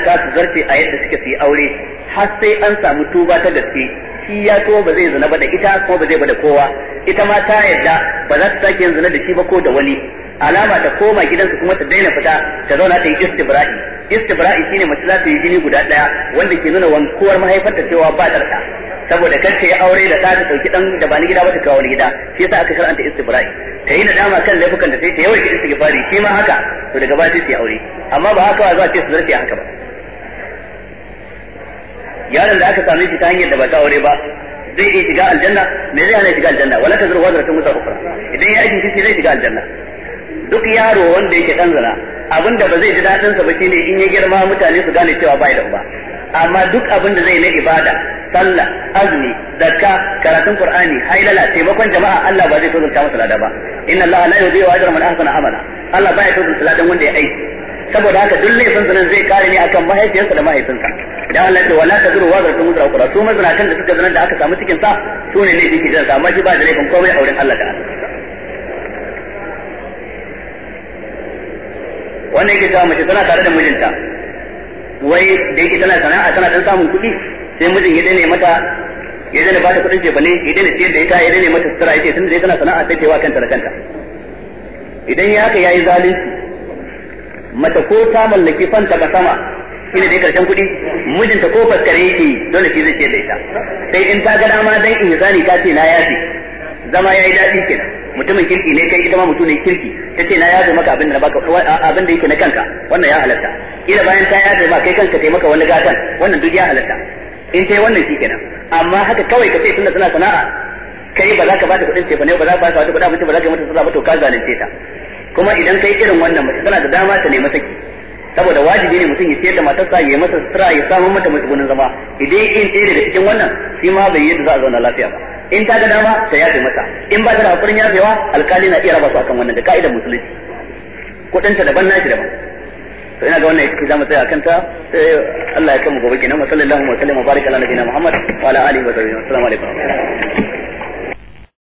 ta su zarce a yadda suke su yi aure har sai an samu tuba ta gaske shi ya so ba zai zina ba da ita kuma ba zai ba da kowa ita ma ta yadda ba za ta sake yin zina da shi ba ko da wani alama ta koma gidansu kuma ta daina fita ta zauna ta yi istibra'i istibra'i shine mace za ta yi jini guda daya wanda ke nuna wankuwar mahaifarta cewa ba darta saboda kar ta yi aure da ta ta dauki dan da ba ni gida ba ta kawo ni gida shi yasa aka shar'anta istibra'i ta yi nadama kan laifukan da ta sai ta yawaita istighfari shi ma haka to daga baya sai ta yi aure amma ba haka ba za a yi su zarfi haka ba yaron da aka same shi ta hanyar da ba ta aure ba zai iya shiga aljanna me zai hana shiga aljanna wala tazru wazratun wutar ukhra idan ya aikin shi zai shiga aljanna duk yaro wanda yake dan zina abinda ba zai ji dadin sa ba shine in ya girma mutane su gane cewa bai da uba amma duk abin da zai na ibada sallah azumi zakka karatun qur'ani hailala taimakon jama'a Allah ba zai tozalta masa lada ba inna Allah la yudhi'u ajra man ahsana amala Allah baya tozalta ladan wanda ya aiki saboda haka duk laifin sanan zai kare ne akan mahaifiyarsa da mahaifinsa idan Allah ya ce wala tazuru wa zartu mutra ukra su kan da suka zanar da aka samu cikin sa su ne ne yake jira amma shi ba da laifin komai a wurin Allah ta'ala wannan yake ta mace tana tare da mijinta wai da yake tana sana'a tana dan samun kuɗi sai mijin ya daina mata ya daina ba ta kuɗin jefane ya daina siyar da ita ya daina mata sutura ya ce tun da tana sana'a sai ta kanta da kanta idan ya haka ya yi zalunci mata ko ta mallaki fanta ka sama shi ne dai karshen kuɗi mijinta ko faskare yake dole shi zai ce da ita sai in ta ga dama dan in ihsani ta ce na yafi zama yayi daɗi kenan mutumin kirki ne kai ita ma mutum ne kirki ce na yafi maka abin da baka abin da yake na kanka wannan ya halatta ila bayan ta yafi ma kai kanka kai maka wani gatan wannan duk ya halatta in kai wannan kenan amma haka kawai ka ce tunda tana sana'a kai ba za ka bata kuɗin tefa ne ba za ka bata wata kuɗa ba za ka yi mata sallah ba to ka zalunce ta kuma idan kai irin wannan mace tana da dama ta nemi saki saboda wajibi ne mutum ya ciyar da matarsa ya masa sutura ya samu mata mai matsugunin zama idan in tsere da cikin wannan shi ma bai yi yadda za a zauna lafiya ba in ta ga dama ta yafe mata in ba ta da hakurin yafewa alkali na iya raba su akan wannan da ka'idar musulunci kudinta daban nashi daban to ina ga wannan yake zamu tsaya akan ta sai eh, Allah ya kai mu gobe kenan sallallahu alaihi wa sallam wa baraka ala nabiyina Muhammad wa ala alihi wa sahbihi assalamu alaikum